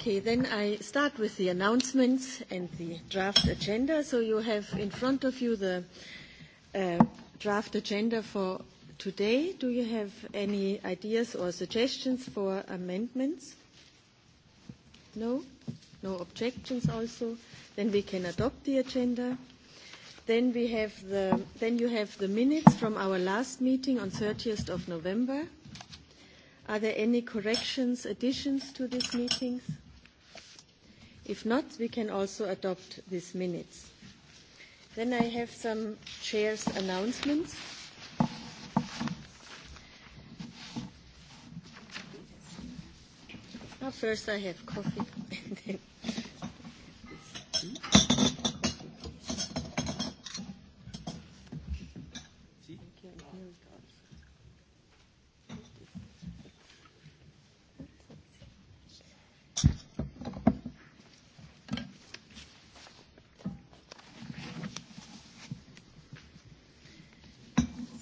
Okay, then I start with the announcements and the draft agenda. So you have in front of you the uh, draft agenda for today. Do you have any ideas or suggestions for amendments? No? No objections also? Then we can adopt the agenda. Then, we have the, then you have the minutes from our last meeting on 30th of November. Are there any corrections, additions to these meetings? If not, we can also adopt these minutes. Then I have some chair's announcements. First, I have coffee.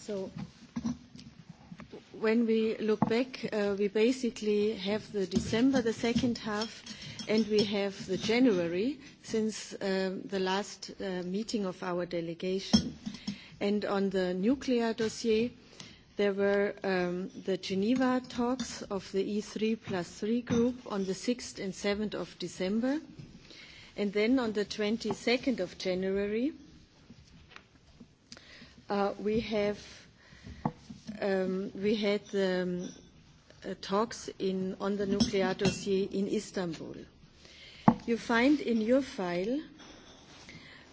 So when we look back, we basically have the December, the second half, and we have the January since the last meeting of our delegation. And on the nuclear dossier, there were the Geneva talks of the e 33 plus group on the 6th and 7th of December. And then on the 22nd of January, uh, we have um, we had um, uh, talks in on the nuclear dossier in Istanbul. You find in your file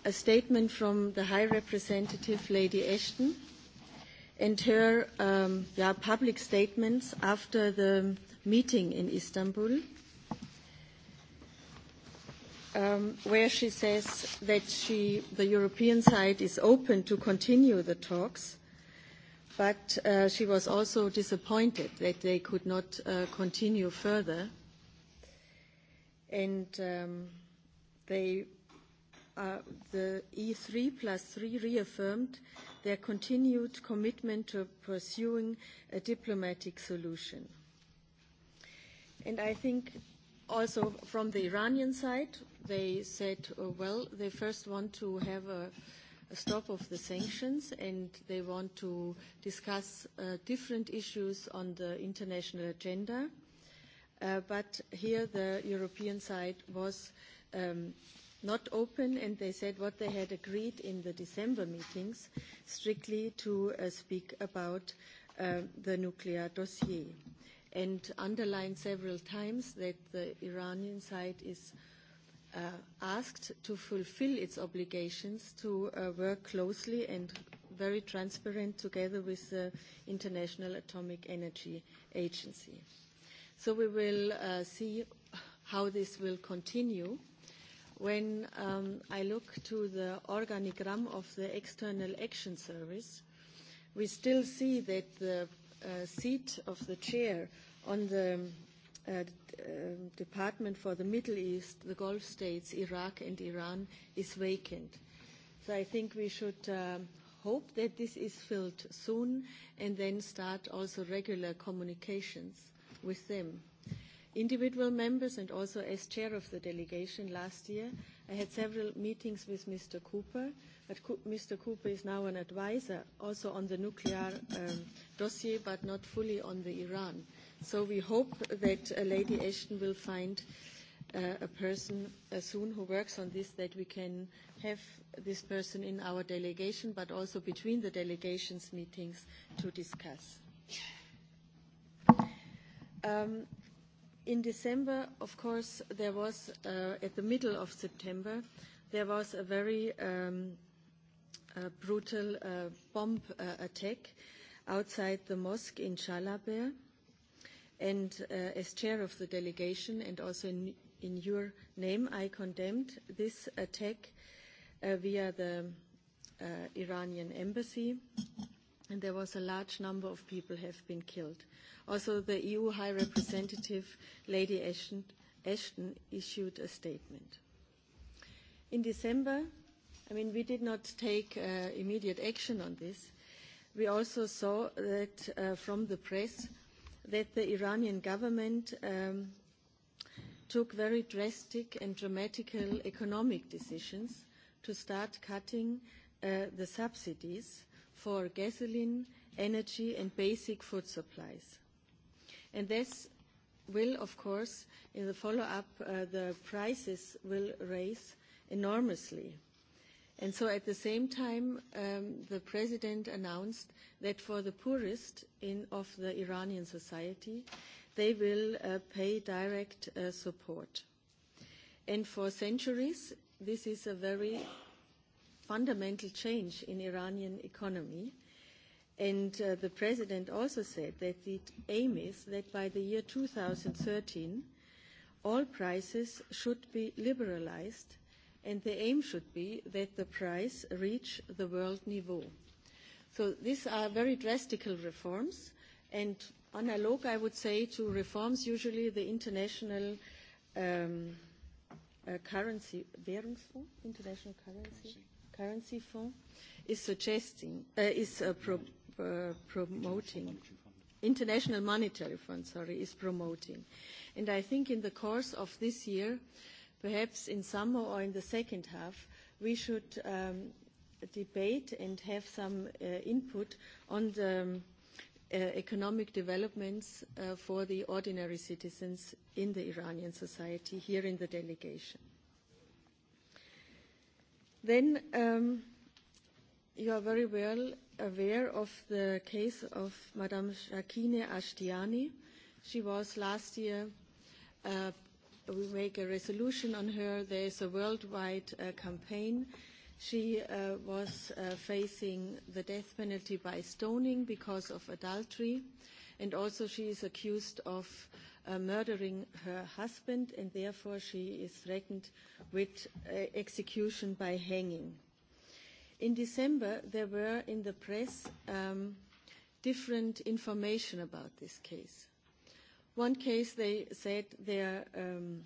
a statement from the High Representative Lady Ashton and her um, yeah, public statements after the meeting in Istanbul where she says that she, the European side is open to continue the talks, but uh, she was also disappointed that they could not uh, continue further. And um, they, uh, the E3 plus 3 reaffirmed their continued commitment to pursuing a diplomatic solution. And I think also from the Iranian side, they said, oh, well, they first want to have a, a stop of the sanctions and they want to discuss uh, different issues on the international agenda. Uh, but here the European side was um, not open and they said what they had agreed in the December meetings strictly to uh, speak about uh, the nuclear dossier and underlined several times that the Iranian side is asked to fulfill its obligations to work closely and very transparent together with the International Atomic Energy Agency. So we will uh, see how this will continue. When um, I look to the organigram of the External Action Service, we still see that the uh, seat of the chair on the Department for the Middle East, the Gulf states, Iraq and Iran is vacant. So I think we should um, hope that this is filled soon and then start also regular communications with them. Individual members and also as chair of the delegation last year, I had several meetings with Mr. Cooper, but Mr. Cooper is now an advisor also on the nuclear um, dossier, but not fully on the Iran So we hope that Lady Ashton will find a person soon who works on this, that we can have this person in our delegation, but also between the delegations meetings to discuss. In December, of course, there was, at the middle of September, there was a very brutal bomb attack outside the mosque in Chalaber And as chair of the delegation and also in, in your name, I condemned this attack via the uh Iranian embassy. And there was a large number of people have been killed. Also, the EU High Representative, Lady Ashton, Ashton issued a statement. In December, I mean, we did not take uh, immediate action on this. We also saw that uh, from the press that the Iranian government um, took very drastic and dramatic economic decisions to start cutting uh, the subsidies for gasoline, energy and basic food supplies. And this will, of course, in the follow-up, uh, the prices will raise enormously And so at the same time, um, the president announced that for the poorest in, of the Iranian society, they will uh, pay direct uh, support. And for centuries, this is a very fundamental change in Iranian economy. And uh, the president also said that the aim is that by the year 2013, all prices should be liberalized – and the aim should be that the price reach the world niveau. So these are very drastic reforms, and analog, I would say, to reforms usually the international um, uh, currency, Währungsfonds, international currency, currency fund, is suggesting, uh, is uh, pro, uh, promoting. International Monetary Fund, sorry, is promoting. And I think in the course of this year, uh, perhaps in summer or in the second half, we should um, debate and have some uh, input on the uh, economic developments uh, for the ordinary citizens in the Iranian society here in the delegation. Then um, you are very well aware of the case of Madame Shakine Ashtiani. She was last year uh, we make a resolution on her. There is a worldwide uh, campaign. She uh, was uh, facing the death penalty by stoning because of adultery, and also she is accused of uh, murdering her husband, and therefore she is threatened with uh, execution by hanging. In December, there were in the press um, different information about this case. One case, they said their, um,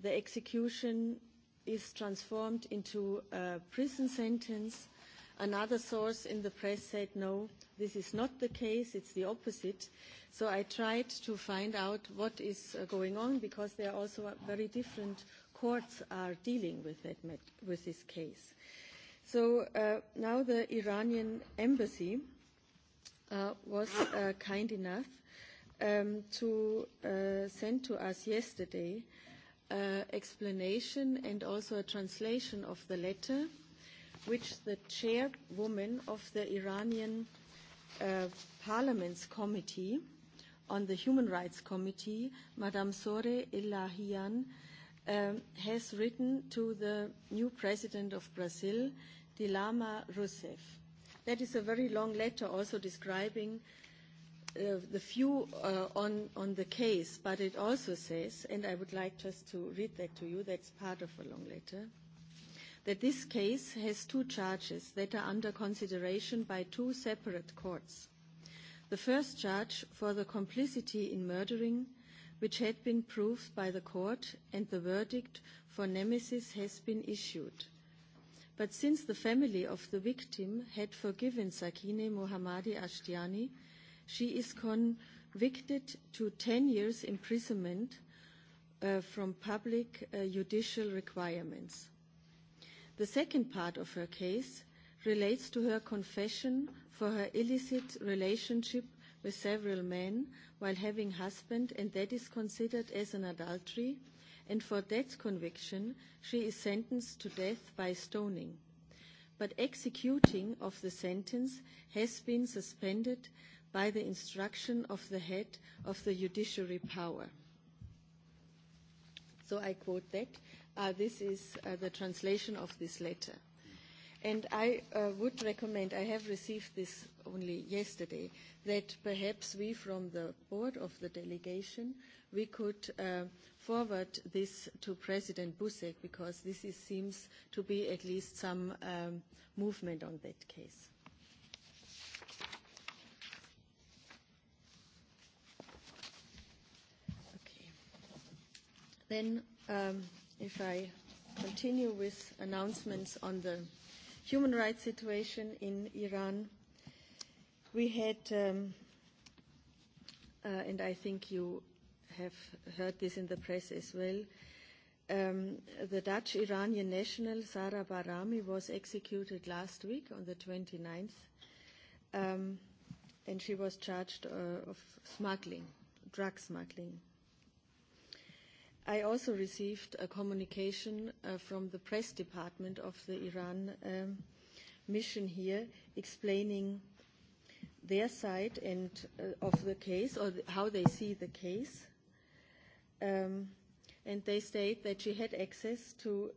the execution is transformed into a prison sentence. Another source in the press said, no, this is not the case, it's the opposite. So I tried to find out what is going on because there are also very different courts are dealing with, that with this case. So uh, now the Iranian embassy uh, was uh, kind enough um, to uh, send to us yesterday uh, explanation and also a translation of the letter which the chairwoman of the Iranian uh, Parliament's Committee on the Human Rights Committee, Madame Sore Elahian, um, has written to the new president of Brazil, Dilama Rousseff. That is a very long letter also describing the view on, on the case, but it also says, and I would like just to read that to you, that's part of a long letter, that this case has two charges that are under consideration by two separate courts. The first charge for the complicity in murdering, which had been proved by the court, and the verdict for nemesis has been issued. But since the family of the victim had forgiven Sakine Mohammadi Ashtiani, She is convicted to 10 years imprisonment uh, from public uh, judicial requirements. The second part of her case relates to her confession for her illicit relationship with several men while having husband and that is considered as an adultery and for that conviction she is sentenced to death by stoning. But executing of the sentence has been suspended by the instruction of the head of the judiciary power. So I quote that. Uh, this is uh, the translation of this letter. And I uh, would recommend, I have received this only yesterday, that perhaps we from the board of the delegation, we could uh, forward this to President Busek because this is, seems to be at least some um, movement on that case. Then, if I continue with announcements on the human rights situation in Iran, we had, um, uh, and I think you have heard this in the press as well, um, the Dutch Iranian national Sara Barami was executed last week on the 29th, um, and she was charged uh, of smuggling, drug smuggling. I also received a communication uh, from the press department of the Iran um, mission here explaining their side and uh, of the case or how they see the case. Um, and they state that she had access to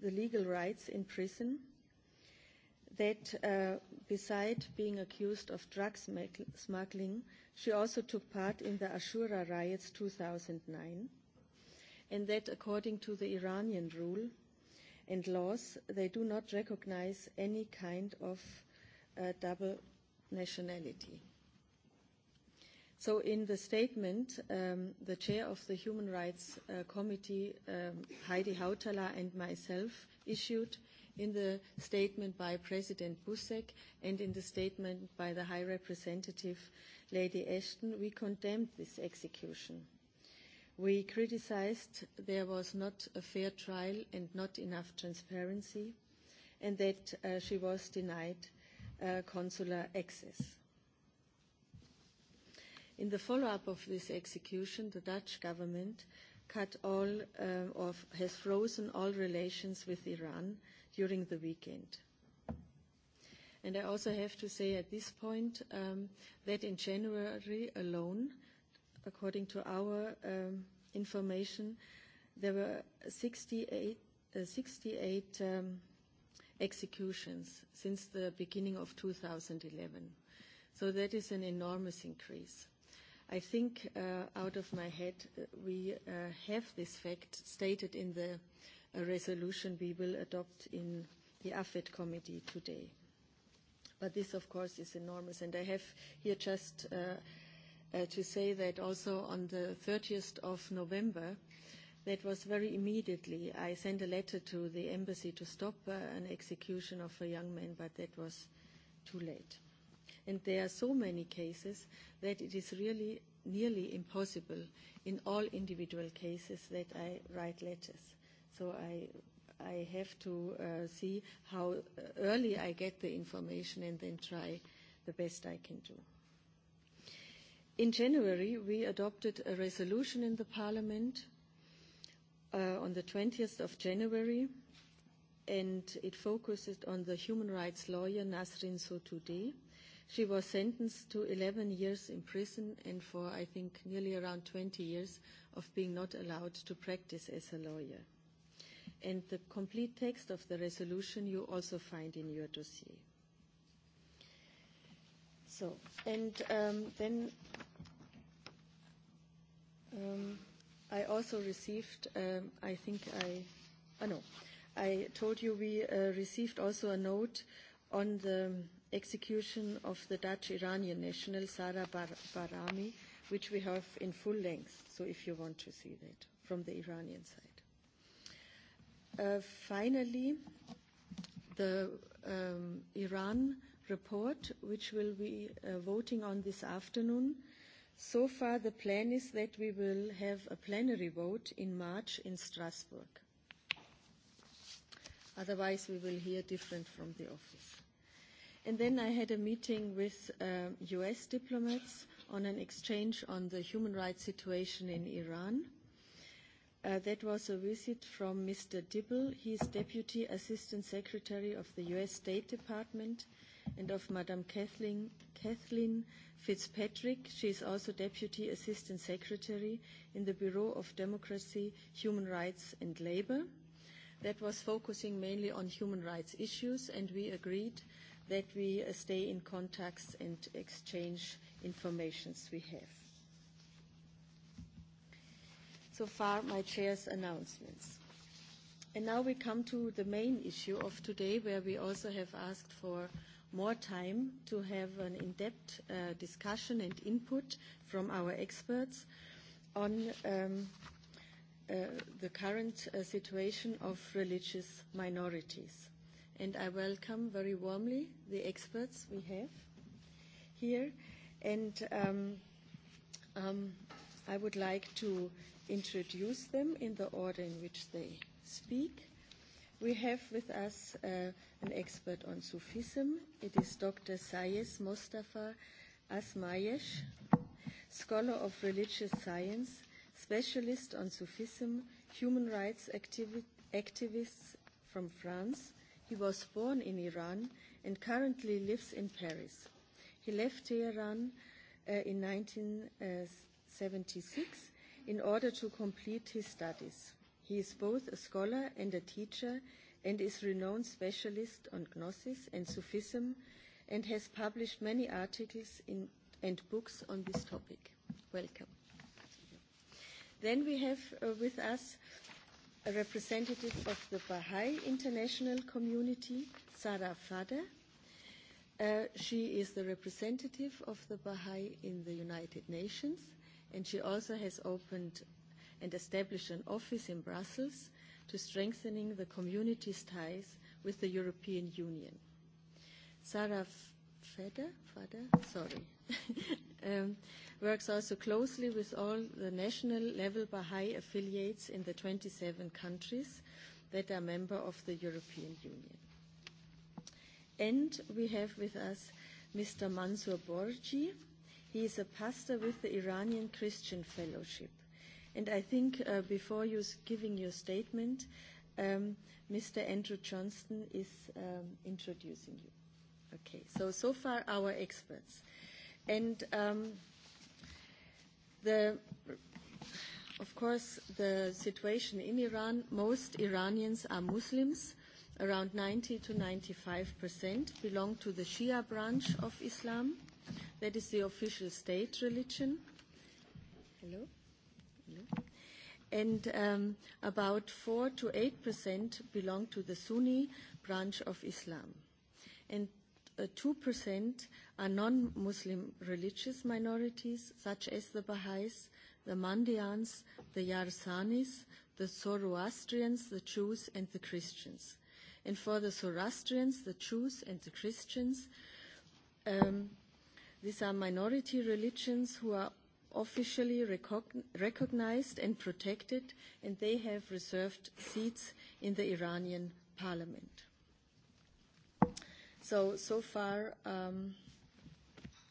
the legal rights in prison, that uh, beside being accused of drug smuggling, she also took part in the Ashura riots 2009 and that according to the Iranian rule and laws, they do not recognize any kind of uh, double nationality. So in the statement, um, the chair of the Human Rights uh, Committee, um, Heidi Hautala, and myself issued in the statement by President Busek and in the statement by the High Representative, Lady Ashton, we condemned this execution. We criticized there was not a fair trial and not enough transparency, and that uh, she was denied uh, consular access. In the follow-up of this execution, the Dutch government cut all uh, of, has frozen all relations with Iran during the weekend. And I also have to say at this point um, that in January alone, according to our um, information, there were 68, uh, 68 um, executions since the beginning of 2011. So that is an enormous increase. I think uh, out of my head, uh, we uh, have this fact stated in the uh, resolution we will adopt in the AFED committee today. But this, of course, is enormous. And I have here just uh, to say that also on the 30th of November, that was very immediately. I sent a letter to the embassy to stop uh, an execution of a young man, but that was too late. And there are so many cases that it is really nearly impossible in all individual cases that I write letters. So I, I have to uh, see how early I get the information and then try the best I can do. In January, we adopted a resolution in the Parliament on the 20th of January, and it focuses on the human rights lawyer Nasrin Sotoudeh. She was sentenced to 11 years in prison and for, I think, nearly around 20 years of being not allowed to practice as a lawyer. And the complete text of the resolution you also find in your dossier. So, and um, then um, I also received, um, I think I, oh no, I told you we uh, received also a note on the execution of the Dutch-Iranian national Sara Bar Barami, which we have in full length, so if you want to see that from the Iranian side. Uh, finally, the um, Iran report, which we'll be uh, voting on this afternoon. So far, the plan is that we will have a plenary vote in March in Strasbourg. Otherwise, we will hear different from the office. And then I had a meeting with uh, US diplomats on an exchange on the human rights situation in Iran. Uh, that was a visit from Mr. Dibble. He is Deputy Assistant Secretary of the US State Department and of Madam Kathleen, Kathleen Fitzpatrick. She is also Deputy Assistant Secretary in the Bureau of Democracy, Human Rights and Labour. That was focusing mainly on human rights issues, and we agreed that we uh, stay in contacts and exchange information we have. So far, my chair's announcements. And now we come to the main issue of today, where we also have asked for more time to have an in-depth uh, discussion and input from our experts on um, uh, the current uh, situation of religious minorities. And I welcome very warmly the experts we have here. And um, um, I would like to introduce them in the order in which they speak We have with us uh, an expert on Sufism. It is Dr. Sayes Mostafa Asmayesh, scholar of religious science, specialist on Sufism, human rights activi- activists from France. He was born in Iran and currently lives in Paris. He left Tehran uh, in 1976 in order to complete his studies. He is both a scholar and a teacher and is renowned specialist on Gnosis and Sufism and has published many articles in, and books on this topic. Welcome. Then we have uh, with us a representative of the Baha'i International Community, Sarah Fader. Uh, she is the representative of the Baha'i in the United Nations, and she also has opened and establish an office in Brussels to strengthening the community's ties with the European Union. Sarah Feder, Feder sorry, um, works also closely with all the national level Baha'i affiliates in the 27 countries that are member of the European Union. And we have with us Mr. Mansour Borji. He is a pastor with the Iranian Christian Fellowship. And I think uh, before you giving your statement, um, Mr. Andrew Johnston is um, introducing you. Okay, so so far our experts. And um, the, of course, the situation in Iran, most Iranians are Muslims. Around 90 to 95 percent belong to the Shia branch of Islam. That is the official state religion. Hello? and um, about 4 to 8 percent belong to the Sunni branch of Islam. And uh, 2 percent are non-Muslim religious minorities, such as the Baha'is, the Mandians, the Yarsanis, the Zoroastrians, the Jews, and the Christians. And for the Zoroastrians, the Jews, and the Christians, um, these are minority religions who are officially recognized and protected, and they have reserved seats in the Iranian parliament. So, so far um,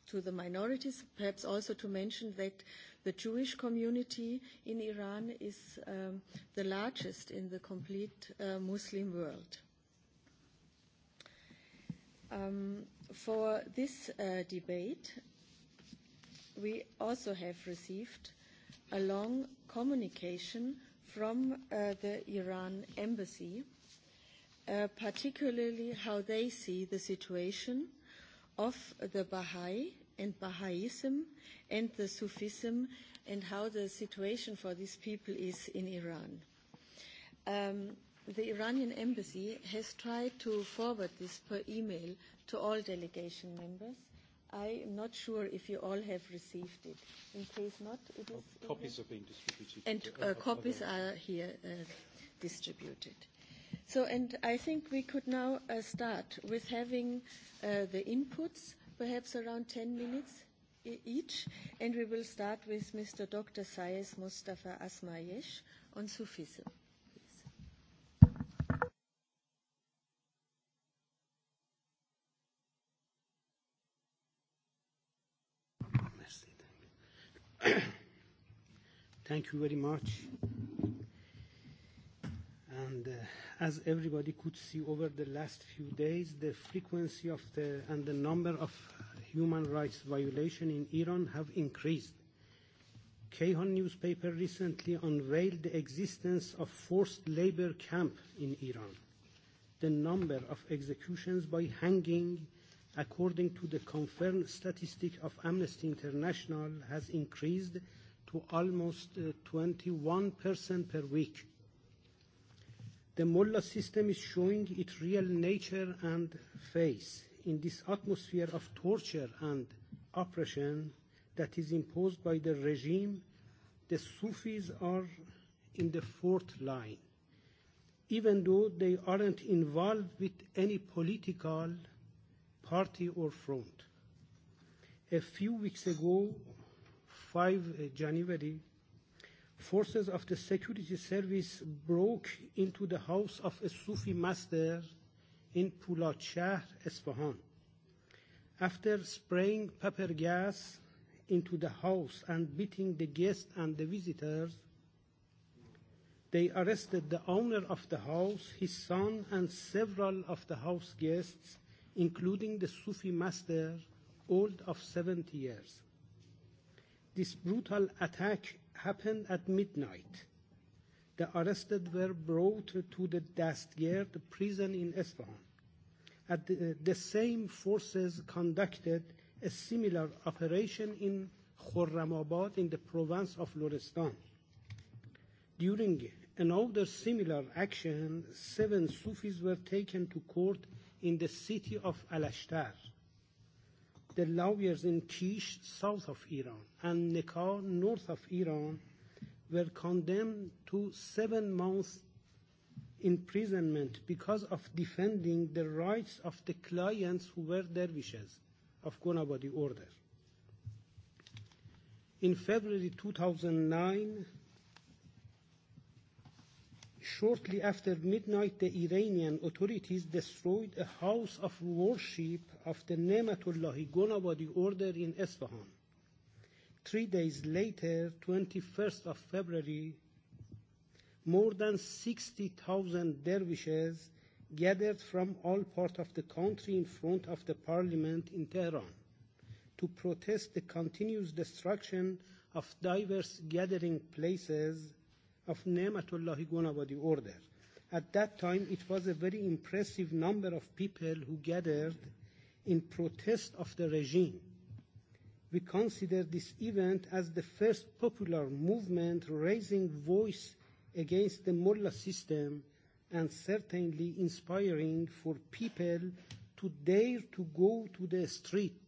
to the minorities, perhaps also to mention that the Jewish community in Iran is um, the largest in the complete uh, Muslim world. Um, for this uh, debate, we also have received a long communication from uh, the Iran embassy, uh, particularly how they see the situation of the Baha'i and Baha'ism and the Sufism and how the situation for these people is in Iran. Um, the Iranian embassy has tried to forward this per email to all delegation members I am not sure if you all have received it. In case not, it is. Copies are being distributed. And uh, copies are here uh, distributed. So, and I think we could now uh, start with having uh, the inputs, perhaps around 10 minutes each, and we will start with Mr. Dr. Sayes Mustafa Asmayesh on Sufism. Thank you very much. And uh, as everybody could see over the last few days, the frequency of the and the number of human rights violations in Iran have increased. Kehon newspaper recently unveiled the existence of forced labor camp in Iran. The number of executions by hanging, according to the confirmed statistic of Amnesty International, has increased to almost 21% per week. The mullah system is showing its real nature and face in this atmosphere of torture and oppression that is imposed by the regime. The Sufis are in the fourth line, even though they aren't involved with any political party or front. A few weeks ago, 5 January, forces of the security service broke into the house of a Sufi master in Pooladshahr, Isfahan. After spraying pepper gas into the house and beating the guests and the visitors, they arrested the owner of the house, his son, and several of the house guests, including the Sufi master, old of 70 years. This brutal attack happened at midnight. The arrested were brought to the Dastgird prison in Isfahan. At the, the same forces conducted a similar operation in Khurramabad in the province of Lorestan. During another similar action, seven Sufis were taken to court in the city of Alashtar the lawyers in Kish, south of Iran, and Nekar, north of Iran, were condemned to seven months imprisonment because of defending the rights of the clients who were dervishes of Gonabadi order. In February 2009, shortly after midnight, the Iranian authorities destroyed a house of worship of the Ne'matullahi Gonabadi order in Esfahan. Three days later, 21st of February, more than 60,000 dervishes gathered from all parts of the country in front of the parliament in Tehran to protest the continuous destruction of diverse gathering places – of Ne'matullah Gunawadi order. At that time, it was a very impressive number of people who gathered in protest of the regime. We consider this event as the first popular movement raising voice against the mullah system and certainly inspiring for people to dare to go to the street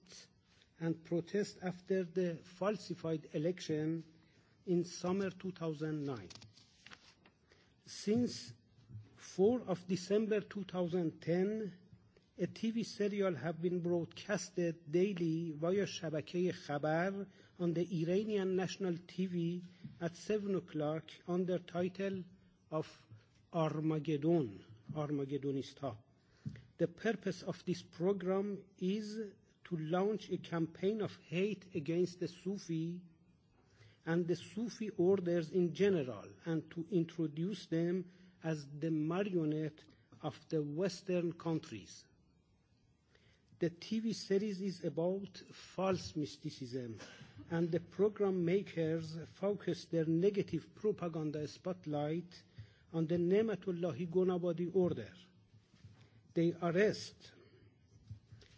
and protest after the falsified election in summer 2009. Since 4 of December 2010, a TV serial have been broadcasted daily via شبکه Khabar on the Iranian national TV at 7 o'clock under title of Armageddon, Armageddonista. The purpose of this program is to launch a campaign of hate against the Sufi and the Sufi orders in general and to introduce them as the marionette of the Western countries. The TV series is about false mysticism, and the program makers focus their negative propaganda spotlight on the Nematullahi Gonabadi order. They arrest,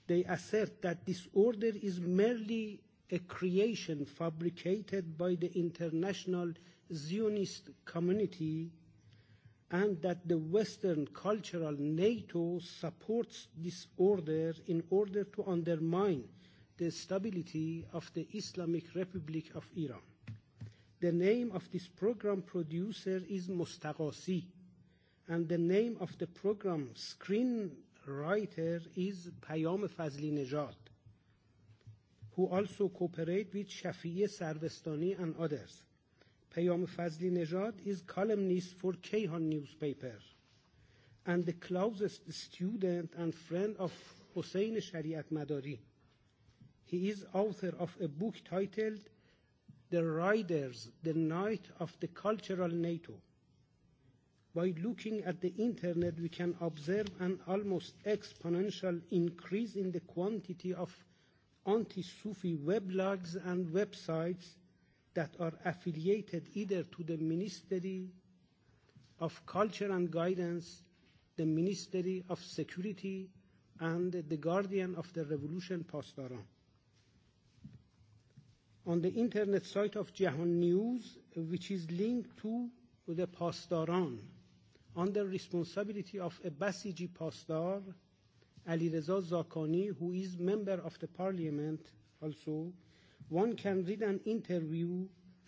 they assert that this order is merely a creation fabricated by the international Zionist community and that the Western cultural NATO supports this order in order to undermine the stability of the Islamic Republic of Iran. The name of this program producer is Mostaqasi, and the name of the program screenwriter is Payam Fazli Nejad who also cooperate with Shafi'i Sarvestani and others. Payam Fazli Nejad is columnist for Kehan newspaper and the closest student and friend of Hossein Shariat Madari. He is author of a book titled The Riders, The Night of the Cultural NATO. By looking at the internet, we can observe an almost exponential increase in the quantity of anti-Sufi weblogs and websites that are affiliated either to the Ministry of Culture and Guidance, the Ministry of Security, and the Guardian of the Revolution Pasdaran. On the internet site of Jahan News, which is linked to the Pasdaran, under responsibility of a Basiji Pasdar, Alireza Zakani, who is member of the parliament also, one can read an interview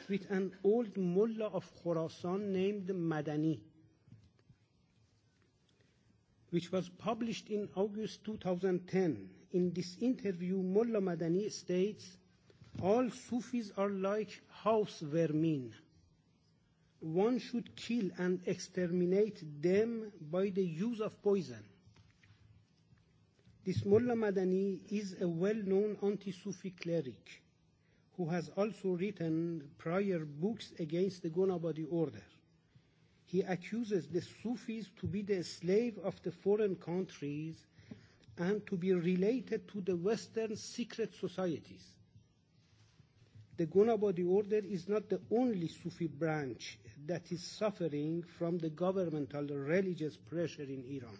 with an old mullah of Khorasan named Madani, which was published in August 2010. In this interview, Mullah Madani states, all Sufis are like house vermin. One should kill and exterminate them by the use of poison. This Mullah Madani is a well-known anti-Sufi cleric who has also written prior books against the Gonabadi order. He accuses the Sufis to be the slave of the foreign countries and to be related to the Western secret societies. The Gonabadi order is not the only Sufi branch that is suffering from the governmental religious pressure in Iran.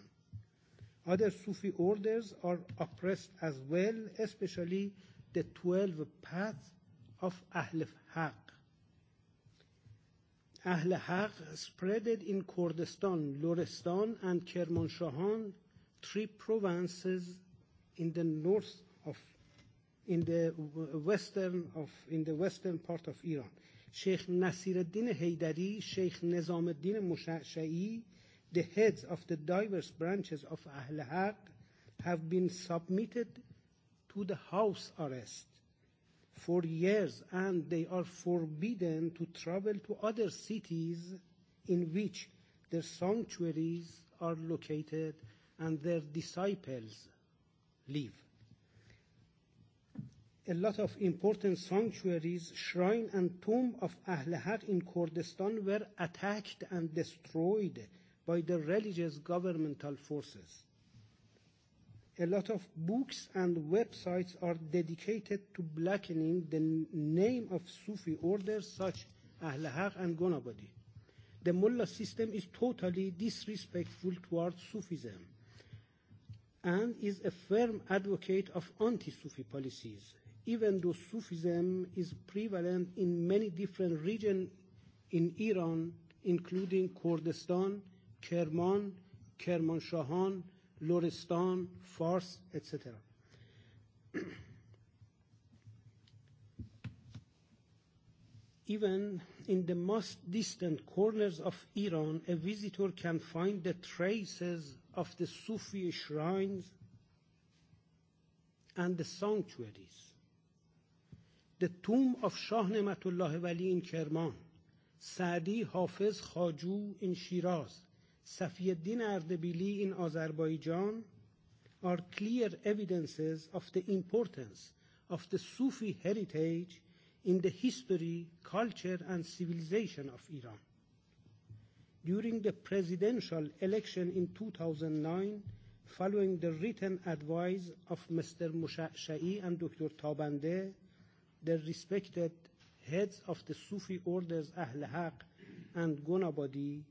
Other Sufi orders are oppressed as well, especially the 12 paths of Ahl Haq. Ahl Haq spreaded in Kurdistan, Lorestan and Kermanshahan, three provinces in the north of in the western of in the western part of Iran. Sheikh Nasiruddin Haydari, Sheikh Nizamuddin Mushashai, The heads of the diverse branches of Ahl Haq have been submitted to the house arrest for years and they are forbidden to travel to other cities in which their sanctuaries are located and their disciples live. A lot of important sanctuaries, shrine and tomb of Ahl Haq in Kurdistan were attacked and destroyed by the religious governmental forces. A lot of books and websites are dedicated to blackening the name of Sufi orders such Ahl Haq and Gonabadi. The mullah system is totally disrespectful towards Sufism and is a firm advocate of anti-Sufi policies, even though Sufism is prevalent in many different regions in Iran, including Kurdistan, کرمان کرمانشاهان لورستان فارس etc. Even in the most distant corners of Iran, a visitor can find the traces of the Sufi shrines and the sanctuaries. The tomb of Shah Nematullah Wali in Kerman, Saadi Hafiz Khaju in Shiraz, Safieddin Ardebili in Azerbaijan are clear evidences of the importance of the Sufi heritage in the history, culture, and civilization of Iran. During the presidential election in 2009, following the written advice of Mr. Musha'i and Dr. Tabande, the respected heads of the Sufi orders Ahl Haq and Gunabadi,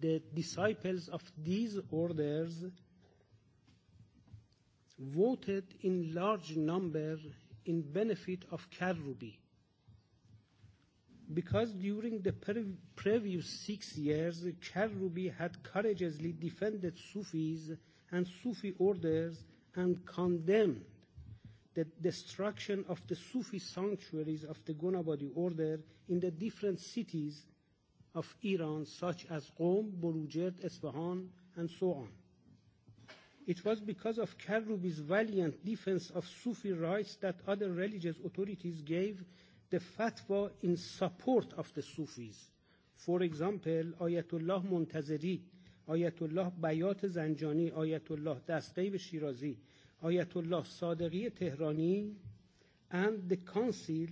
the disciples of these orders voted in large number in benefit of Karubi because during the pre- previous six years, Karubi had courageously defended Sufis and Sufi orders and condemned the destruction of the Sufi sanctuaries of the Gonabadi order in the different cities of Iran, such as Qom, Borujet, Isfahan, and so on. It was because of Karubi's valiant defense of Sufi rights that other religious authorities gave the fatwa in support of the Sufis. For example, Ayatollah Montazeri, Ayatollah Bayat Zanjani, Ayatollah Dastayb Shirazi, Ayatollah Sadeghi Tehrani, and the Council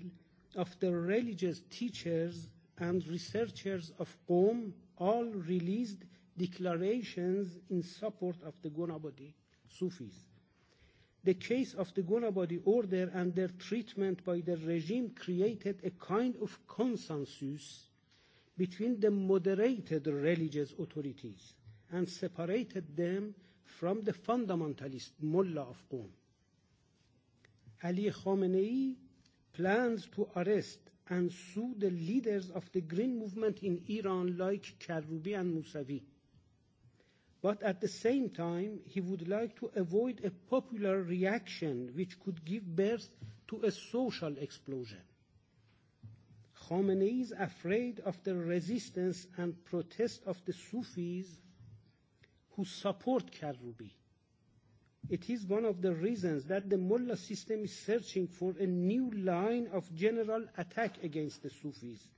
of the Religious Teachers and researchers of Qom all released declarations in support of the Gonabadi Sufis. The case of the Gonabadi order and their treatment by the regime created a kind of consensus between the moderated religious authorities and separated them from the fundamentalist mullah of Qom. Ali Khamenei plans to arrest and sue the leaders of the green movement in Iran like Karoubi and Mousavi. But at the same time, he would like to avoid a popular reaction which could give birth to a social explosion. Khamenei is afraid of the resistance and protest of the Sufis who support Karoubi It is one of the reasons that the mullah system is searching for a new line of general attack against the Sufis,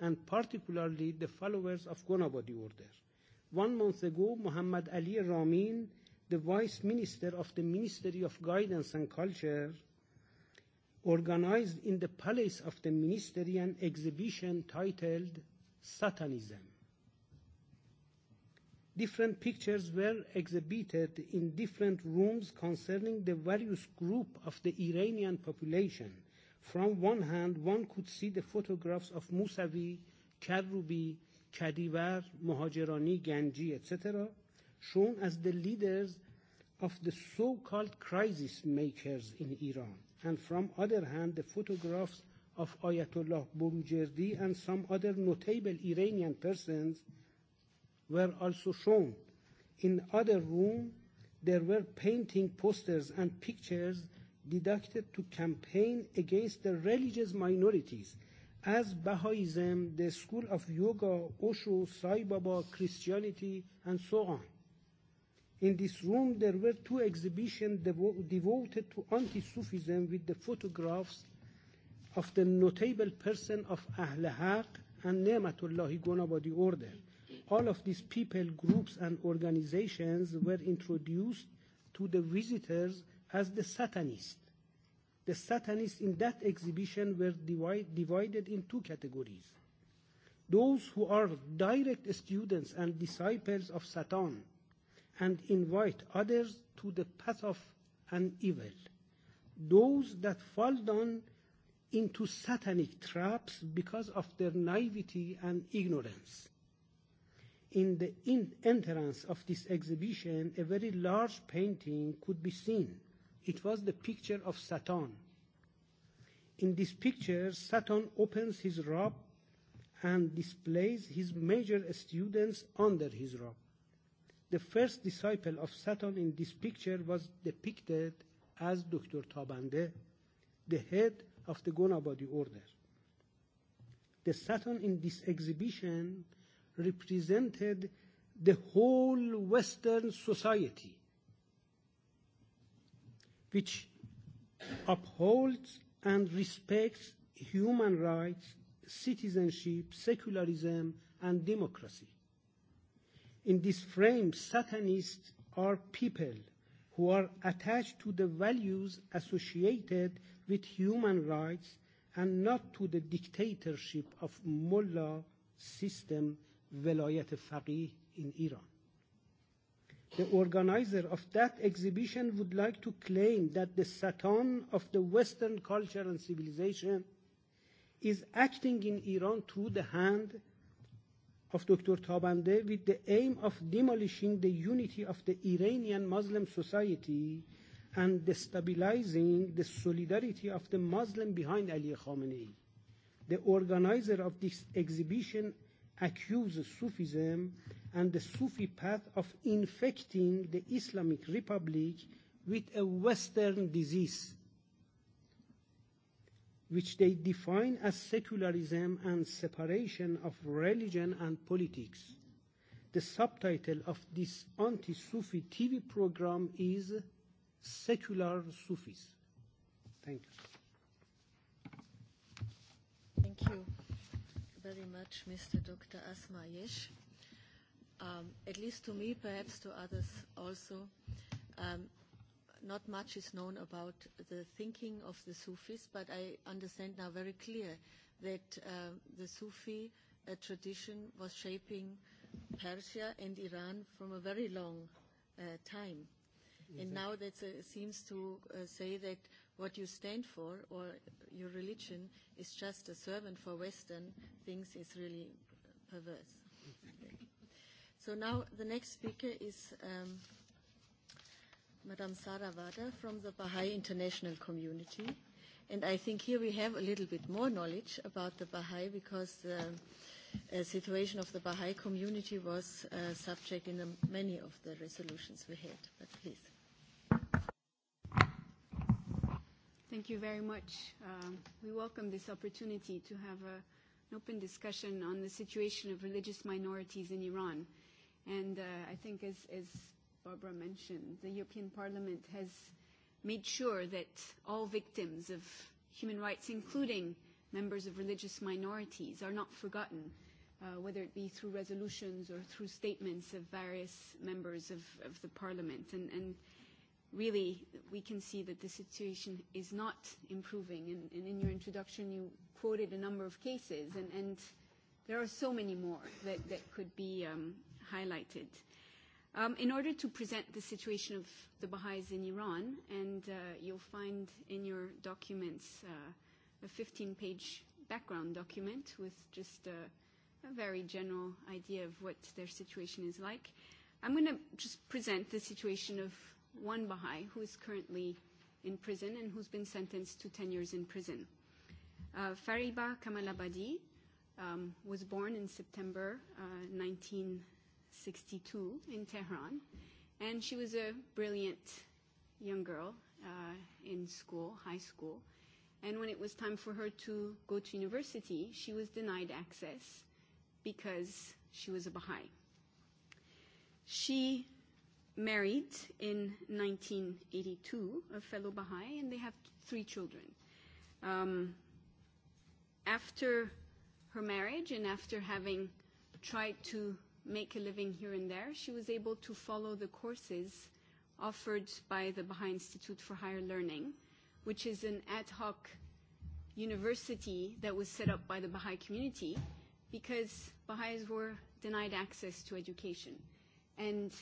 and particularly the followers of Gonabadi order. One month ago, Muhammad Ali Ramin, the vice minister of the Ministry of Guidance and Culture, organized in the palace of the ministry an exhibition titled Satanism Different pictures were exhibited in different rooms concerning the various group of the Iranian population. From one hand, one could see the photographs of Musavi, Karubi, Kadivar, Mohajerani, Ganji, etc., shown as the leaders of the so-called crisis makers in Iran, and from other hand, the photographs of Ayatollah Borujerdi and some other notable Iranian persons – were also shown. In other room, there were painting posters and pictures deducted to campaign against the religious minorities. As Baha'ism, the school of yoga, Osho, Sai Baba, Christianity, and so on. In this room, there were two exhibitions devo- devoted to anti Sufism with the photographs of the notable person of Ahl Haq and Ne'matullahi Gonabadi order all of these people, groups, and organizations were introduced to the visitors as the Satanists. The Satanists in that exhibition were divide, divided in two categories. Those who are direct students and disciples of Satan and invite others to the path of an evil. Those that fall down into satanic traps because of their naivety and ignorance In the in entrance of this exhibition, a very large painting could be seen. It was the picture of Saturn. In this picture, Saturn opens his robe and displays his major students under his robe. The first disciple of Saturn in this picture was depicted as Dr. Tabande, the head of the Gonabadi order. The Saturn in this exhibition represented the whole Western society, which upholds and respects human rights, citizenship, secularism, and democracy. In this frame, Satanists are people who are attached to the values associated with human rights and not to the dictatorship of mullah system ولایت فقیه in Iran. The organizer of that exhibition would like to claim that the Satan of the Western culture and civilization is acting in Iran through the hand of Dr. Tabande with the aim of demolishing the unity of the Iranian Muslim society and destabilizing the solidarity of the Muslim behind Ali Khamenei. The organizer of this exhibition accuse Sufism and the Sufi path of infecting the Islamic Republic with a Western disease, which they define as secularism and separation of religion and politics. The subtitle of this anti Sufi TV program is Secular Sufis. Thank you. very much, Mr. Dr. Asma Yesh. Um, at least to me, perhaps to others also, um, not much is known about the thinking of the Sufis, but I understand now very clear that uh, the Sufi uh, tradition was shaping Persia and Iran from a very long uh, time. And now that uh, seems to uh, say that what you stand for or your religion is just a servant for Western things is really perverse. so now the next speaker is um, Madame Sara Wada from the Baha'i International Community. And I think here we have a little bit more knowledge about the Baha'i because the uh, situation of the Baha'i community was uh subject in the, many of the resolutions we had. But please. Thank you very much. Um, we welcome this opportunity to have a, an open discussion on the situation of religious minorities in Iran. And uh, I think, as, as Barbara mentioned, the European Parliament has made sure that all victims of human rights, including members of religious minorities, are not forgotten, uh, whether it be through resolutions or through statements of various members of, of the Parliament. And, and really we can see that the situation is not improving. And, and in your introduction, you quoted a number of cases, and, and there are so many more that, that could be um, highlighted. Um, in order to present the situation of the Baha'is in Iran, and uh, you'll find in your documents uh, a 15-page background document with just a, a very general idea of what their situation is like. I'm going to just present the situation of one Baha'i who is currently in prison and who's been sentenced to 10 years in prison. Uh, Fariba Kamalabadi um, was born in September uh, 1962 in Tehran, and she was a brilliant young girl uh, in school, high school. And when it was time for her to go to university, she was denied access because she was a Baha'i. She married in 1982, a fellow Baha'i, and they have three children. Um, after her marriage and after having tried to make a living here and there, she was able to follow the courses offered by the Baha'i Institute for Higher Learning, which is an ad hoc university that was set up by the Baha'i community because Baha'is were denied access to education. And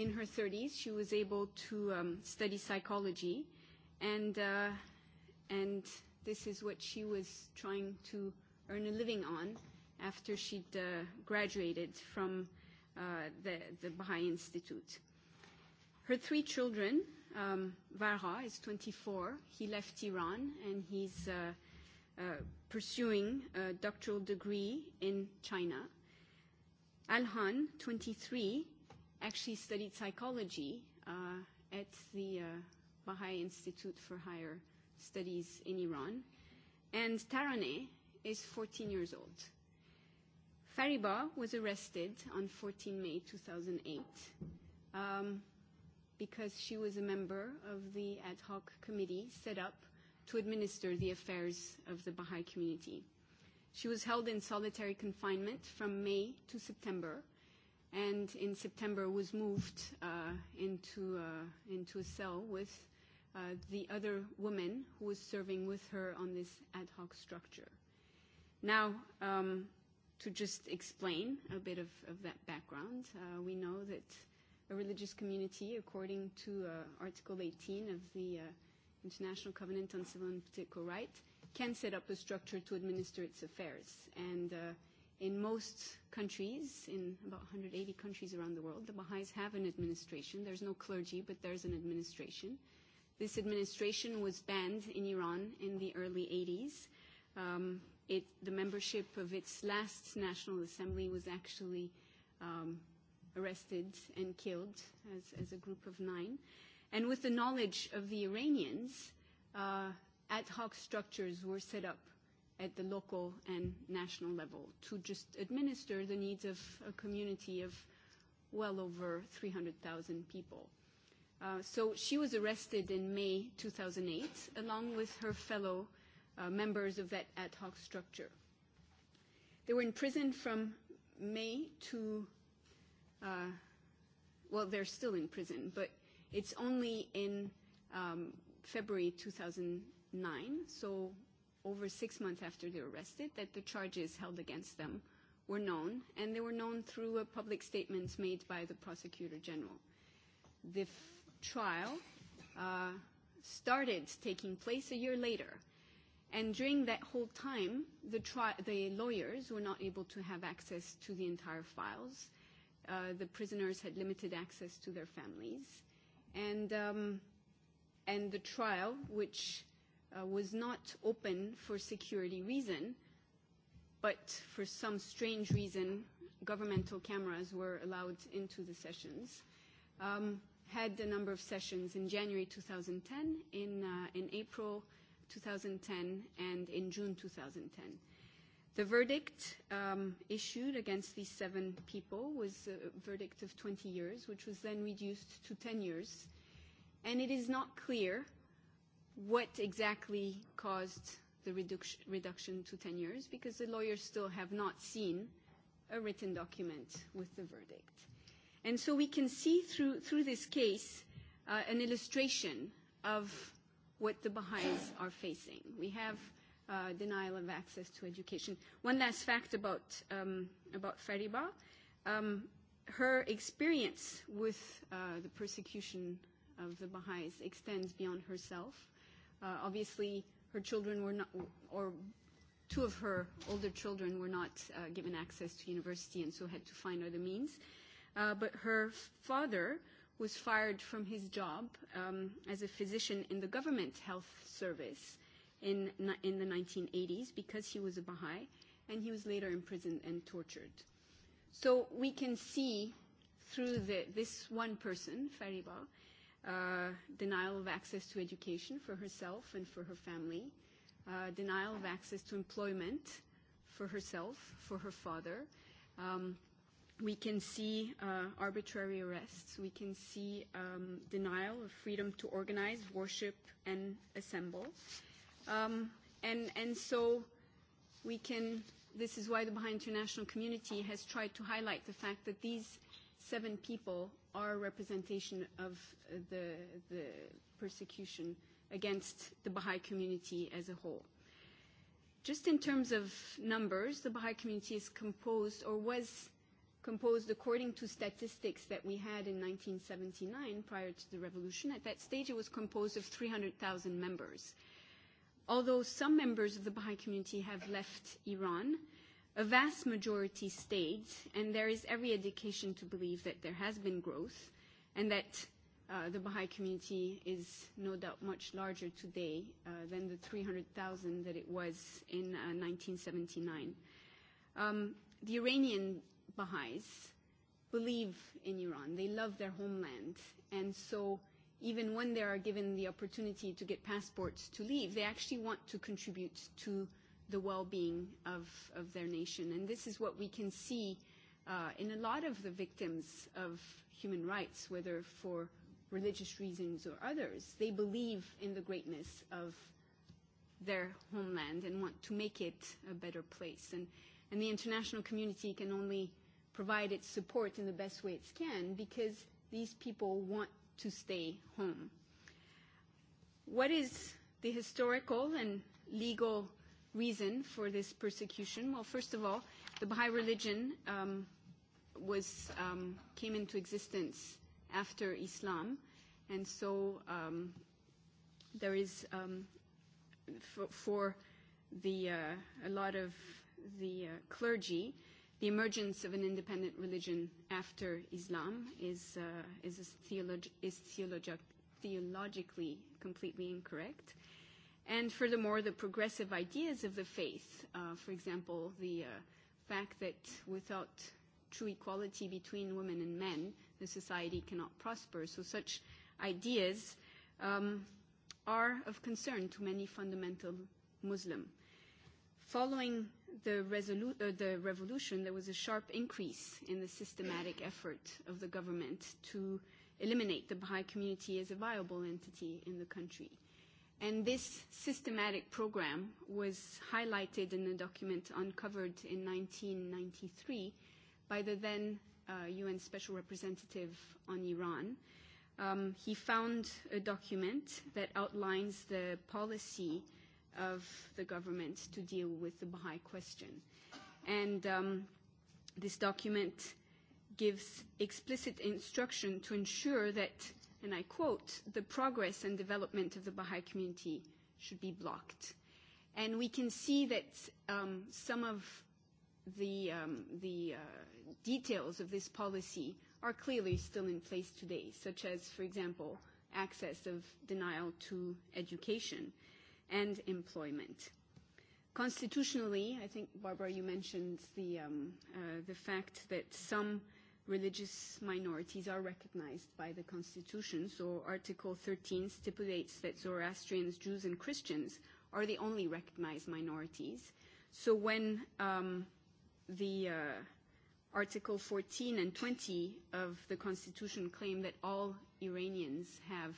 in her 30s, she was able to um, study psychology, and uh, and this is what she was trying to earn a living on after she'd uh, graduated from uh, the the Baha'i Institute. Her three children, um, Varha is 24. He left Iran and he's uh, uh, pursuing a doctoral degree in China. Alhan, 23 actually studied psychology uh, at the uh, Baha'i Institute for Higher Studies in Iran. And Taraneh is 14 years old. Fariba was arrested on 14 May 2008 um, because she was a member of the ad hoc committee set up to administer the affairs of the Baha'i community. She was held in solitary confinement from May to September and in September was moved uh, into, uh, into a cell with uh, the other woman who was serving with her on this ad hoc structure. Now, um, to just explain a bit of, of that background, uh, we know that a religious community, according to uh, Article 18 of the uh, International Covenant on Civil and Political Rights, can set up a structure to administer its affairs. And uh, in most countries, in about 180 countries around the world, the Baha'is have an administration. There's no clergy, but there's an administration. This administration was banned in Iran in the early 80s. Um, it, the membership of its last National Assembly was actually um, arrested and killed as, as a group of nine. And with the knowledge of the Iranians, uh, ad hoc structures were set up at the local and national level to just administer the needs of a community of well over 300,000 people. Uh, so she was arrested in May 2008, along with her fellow uh, members of that ad hoc structure. They were in prison from May to, uh, well, they're still in prison, but it's only in um, February 2009, so over six months after they were arrested that the charges held against them were known, and they were known through a public statements made by the prosecutor general. The f- trial uh, started taking place a year later, and during that whole time, the, tri- the lawyers were not able to have access to the entire files. Uh, the prisoners had limited access to their families, and um, and the trial, which uh, was not open for security reason, but for some strange reason, governmental cameras were allowed into the sessions. Um, had a number of sessions in January 2010, in, uh, in April 2010, and in June 2010. The verdict um, issued against these seven people was a verdict of 20 years, which was then reduced to 10 years. And it is not clear what exactly caused the reduction to 10 years because the lawyers still have not seen a written document with the verdict. And so we can see through, through this case uh, an illustration of what the Baha'is are facing. We have uh, denial of access to education. One last fact about, um, about Fariba. Um, her experience with uh, the persecution of the Baha'is extends beyond herself Uh, obviously, her children were not, or two of her older children were not uh, given access to university and so had to find other means. Uh, but her father was fired from his job um, as a physician in the government health service in, in the 1980s because he was a Baha'i, and he was later imprisoned and tortured. So we can see through the, this one person, Fariba, uh, denial of access to education for herself and for her family, uh, denial of access to employment for herself, for her father. Um, we can see uh, arbitrary arrests. We can see um, denial of freedom to organize, worship, and assemble. Um, and, and so we can, this is why the Baha'i international community has tried to highlight the fact that these seven people are a representation of the, the persecution against the Baha'i community as a whole. Just in terms of numbers, the Baha'i community is composed or was composed according to statistics that we had in 1979 prior to the revolution. At that stage, it was composed of 300,000 members. Although some members of the Baha'i community have left Iran, a vast majority stayed, and there is every indication to believe that there has been growth and that uh, the Baha'i community is no doubt much larger today uh, than the 300,000 that it was in uh, 1979. Um, the Iranian Baha'is believe in Iran. They love their homeland. And so even when they are given the opportunity to get passports to leave, they actually want to contribute to – the well-being of, of their nation. And this is what we can see uh, in a lot of the victims of human rights, whether for religious reasons or others. They believe in the greatness of their homeland and want to make it a better place. And, and the international community can only provide its support in the best way it can because these people want to stay home. What is the historical and legal reason for this persecution? Well, first of all, the Baha'i religion um, was um, came into existence after Islam, and so um, there is um, for, for the uh, a lot of the uh, clergy. The emergence of an independent religion after Islam is uh, is, theolog- is theologi- theologically completely incorrect. And furthermore, the progressive ideas of the faith, uh, for example, the uh, fact that without true equality between women and men, the society cannot prosper. So such ideas um, are of concern to many fundamental Muslim. Following the, resolu- uh, the revolution, there was a sharp increase in the systematic effort of the government to eliminate the Baha'i community as a viable entity in the country. And this systematic program was highlighted in a document uncovered in 1993 by the then uh, UN Special Representative on Iran. Um, he found a document that outlines the policy of the government to deal with the Baha'i question. And um, this document gives explicit instruction to ensure that and I quote, the progress and development of the Baha'i community should be blocked. And we can see that um, some of the, um, the uh, details of this policy are clearly still in place today, such as, for example, access of denial to education and employment. Constitutionally, I think, Barbara, you mentioned the, um, uh, the fact that some – religious minorities are recognized by the Constitution. So Article 13 stipulates that Zoroastrians, Jews, and Christians are the only recognized minorities. So when um, the uh, Article 14 and 20 of the Constitution claim that all Iranians have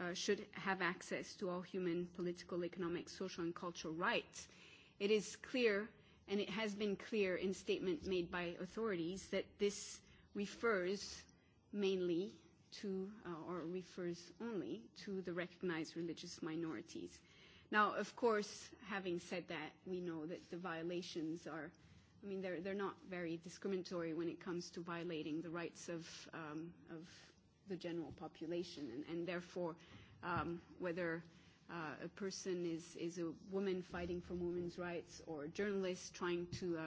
uh, should have access to all human, political, economic, social, and cultural rights, it is clear, and it has been clear in statement made by authorities, that this refers mainly to, uh, or refers only to the recognized religious minorities. Now, of course, having said that, we know that the violations are, I mean, they're, they're not very discriminatory when it comes to violating the rights of, um, of the general population, and, and therefore, um, whether uh, a person is, is a woman fighting for women's rights or a journalist trying to uh,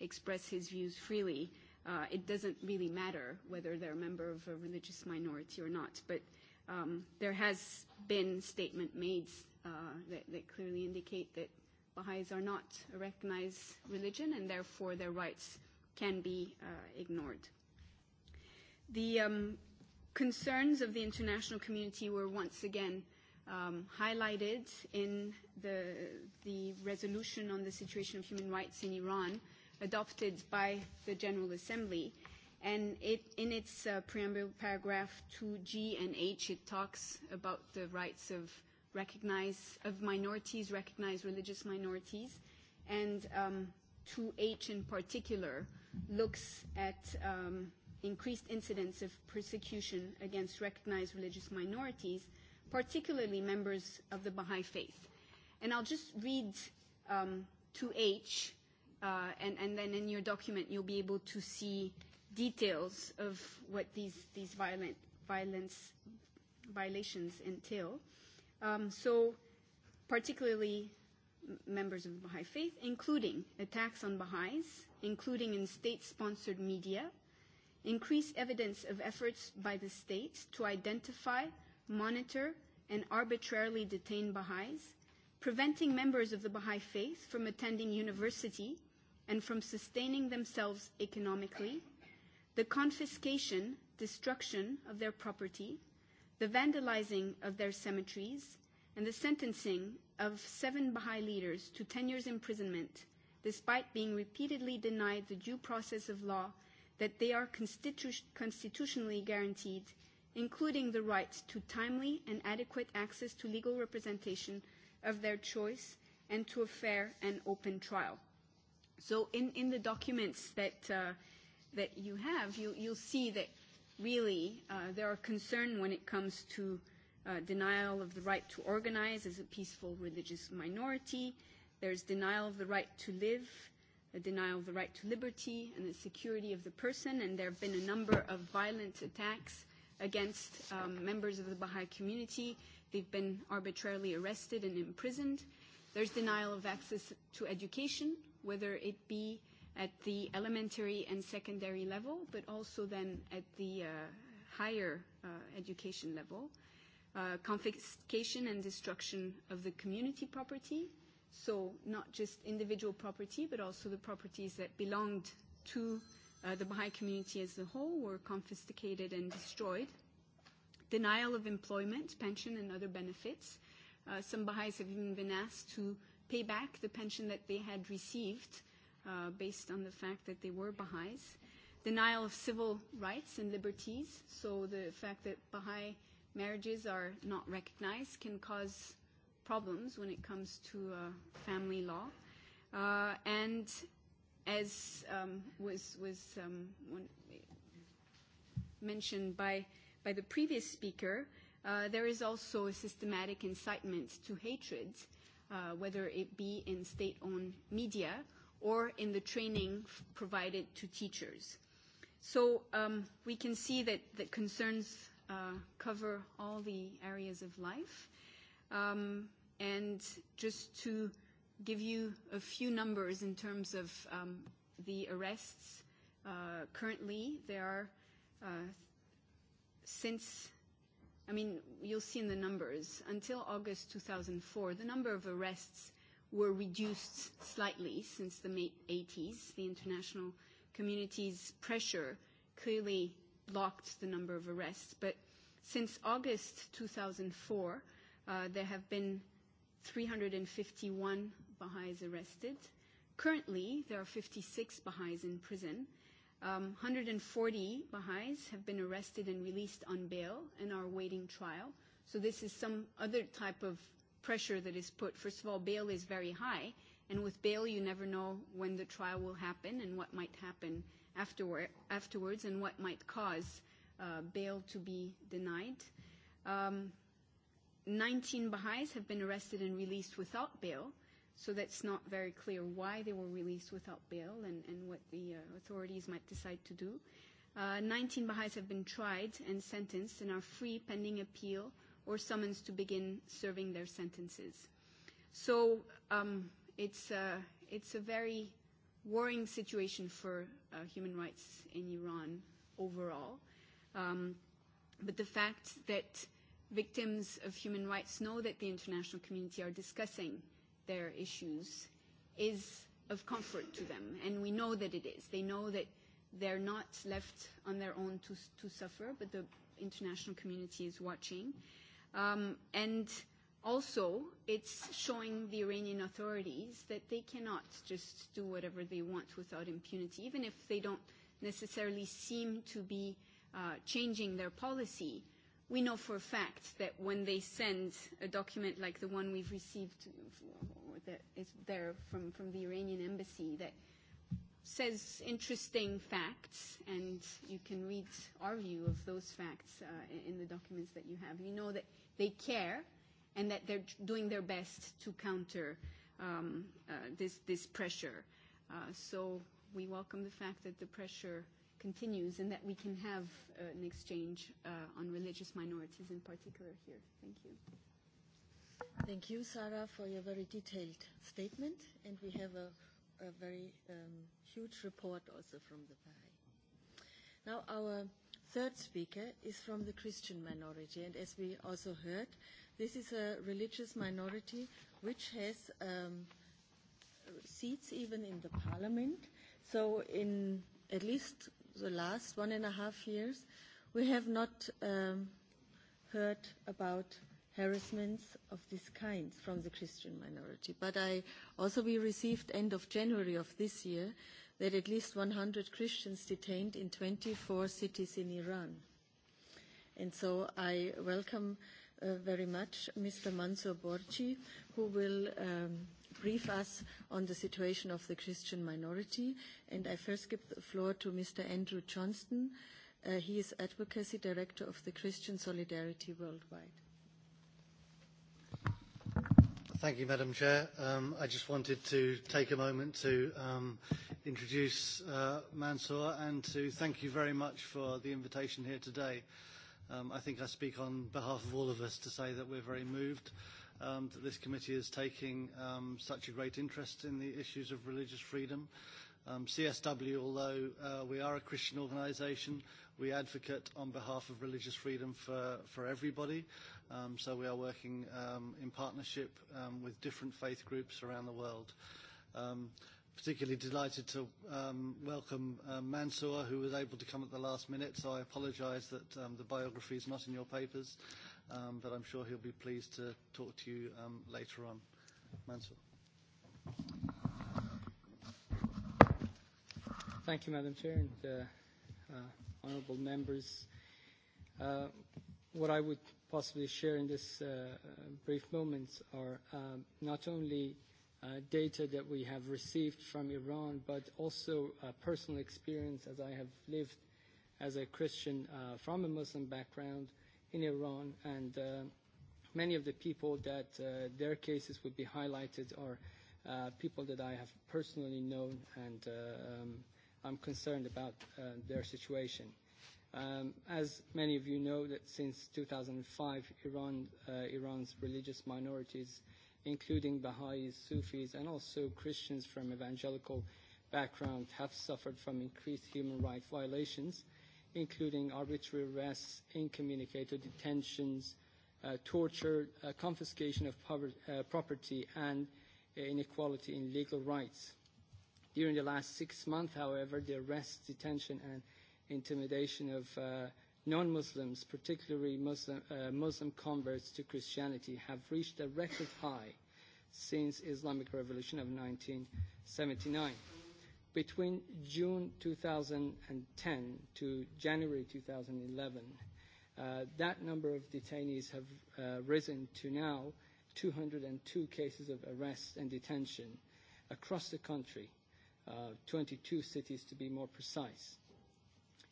express his views freely, uh, uh, it doesn't really matter whether they're a member of a religious minority or not. But um, there has been statement made uh, that, that clearly indicate that Baha'is are not a recognized religion and therefore their rights can be uh, ignored. The um, concerns of the international community were once again um, highlighted in the, the resolution on the situation of human rights in Iran uh, adopted by the General Assembly. And it, in its uh, preamble paragraph 2G and H, it talks about the rights of recognize of minorities, recognized religious minorities, and um, 2H in particular looks at um, increased incidence of persecution against recognized religious minorities, particularly members of the Baha'i faith. And I'll just read um, 2H uh, and, and then in your document you'll be able to see details of what these, these violent, violence violations entail. Um, so particularly members of the Baha'i faith, including attacks on Baha'is, including in state-sponsored media, increased evidence of efforts by the state to identify, monitor, and arbitrarily detain Baha'is, preventing members of the Baha'i faith from attending university and from sustaining themselves economically, the confiscation, destruction of their property, the vandalizing of their cemeteries, and the sentencing of seven Baha'i leaders to 10 years imprisonment, despite being repeatedly denied the due process of law that they are constitu- constitutionally guaranteed, including the right to timely and adequate access to legal representation of their choice and to a fair and open trial. So in, in the documents that, uh, that you have, you, you'll see that really uh, there are concern when it comes to uh, denial of the right to organize as a peaceful religious minority. There's denial of the right to live, a denial of the right to liberty and the security of the person. And there have been a number of violent attacks against um, members of the Baha'i community. They've been arbitrarily arrested and imprisoned. There's denial of access to education whether it be at the elementary and secondary level, but also then at the uh, higher uh, education level. Uh, confiscation and destruction of the community property, so not just individual property, but also the properties that belonged to uh, the Baha'i community as a whole were confiscated and destroyed. Denial of employment, pension, and other benefits. Uh, some Baha'is have even been asked to pay back the pension that they had received uh, based on the fact that they were Baha'is. Denial of civil rights and liberties, so the fact that Baha'i marriages are not recognized can cause problems when it comes to uh, family law. Uh, and as um, was, was um, one, mentioned by, by the previous speaker, uh, there is also a systematic incitement to hatred uh, whether it be in state-owned media or in the training provided to teachers. So um, we can see that, that concerns uh, cover all the areas of life. Um, and just to give you a few numbers in terms of um, the arrests, uh, currently there are, uh, since I mean, you'll see in the numbers, until August 2004, the number of arrests were reduced slightly since the mid 80s. The international community's pressure clearly blocked the number of arrests. But since August 2004, uh, there have been 351 Baha'is arrested. Currently, there are 56 Baha'is in prison Um, 140 Baha'is have been arrested and released on bail and are awaiting trial. So this is some other type of pressure that is put. First of all, bail is very high, and with bail, you never know when the trial will happen and what might happen afterwards, and what might cause uh, bail to be denied. Um, 19 Baha'is have been arrested and released without bail So that's not very clear why they were released without bail and, and what the uh, authorities might decide to do. Uh, 19 Baha'is have been tried and sentenced and are free pending appeal or summons to begin serving their sentences. So um, it's, uh, it's a very worrying situation for uh, human rights in Iran overall. Um, but the fact that victims of human rights know that the international community are discussing uh, their issues is of comfort to them. And we know that it is. They know that they're not left on their own to, to suffer, but the international community is watching. Um, and also, it's showing the Iranian authorities that they cannot just do whatever they want without impunity, even if they don't necessarily seem to be uh, changing their policy. We know for a fact that when they send a document like the one we've received that is there from, from the Iranian embassy that says interesting facts, and you can read our view of those facts uh, in the documents that you have. You know that they care and that they're doing their best to counter um, uh, this, this pressure. Uh, so we welcome the fact that the pressure continues and that we can have uh, an exchange uh, on religious minorities in particular here. Thank you. Thank you, Sarah, for your very detailed statement. And we have a, a very um, huge report also from the Bahai. Now, our third speaker is from the Christian minority. And as we also heard, this is a religious minority which has um, seats even in the parliament. So, in at least the last one and a half years, we have not um, heard about harassments of this kind from the Christian minority. But I also we received end of January of this year that at least 100 Christians detained in 24 cities in Iran. And so I welcome uh, very much Mr. Mansour Borci, who will um, brief us on the situation of the Christian minority. And I first give the floor to Mr. Andrew Johnston. Uh, he is Advocacy Director of the Christian Solidarity Worldwide. Thank you, Madam Chair. Um, I just wanted to take a moment to um, introduce uh, Mansour and to thank you very much for the invitation here today. Um, I think I speak on behalf of all of us to say that we're very moved um, that this committee is taking um, such a great interest in the issues of religious freedom. Um, CSW, although uh, we are a Christian organisation, We advocate on behalf of religious freedom for, for everybody. Um, so we are working um, in partnership um, with different faith groups around the world. Um, particularly delighted to um, welcome uh, Mansour, who was able to come at the last minute. So I apologise that um, the biography is not in your papers, um, but I'm sure he'll be pleased to talk to you um, later on. Mansour. Thank you, Madam Chair. And, uh, uh, Honourable members. Uh, what I would possibly share in this uh, brief moments are um, not only uh, data that we have received from Iran, but also uh, personal experience as I have lived as a Christian uh, from a Muslim background in Iran. And uh, many of the people that uh, their cases would be highlighted are uh, people that I have personally known and uh, um, I'm concerned about uh, their situation. Um, as many of you know, that since 2005, Iran, uh, Iran's religious minorities, including Baha'is, Sufis, and also Christians from evangelical background, have suffered from increased human rights violations, including arbitrary arrests, incommunicated detentions, uh, torture, uh, confiscation of poverty, uh, property, and inequality in legal rights. During the last six months, however, the arrest, detention, and intimidation of uh, non-Muslims, particularly Muslim, uh, Muslim converts to Christianity, have reached a record high since Islamic Revolution of 1979. Between June 2010 to January 2011, uh, that number of detainees have uh, risen to now 202 cases of arrest and detention across the country uh, 22 cities to be more precise.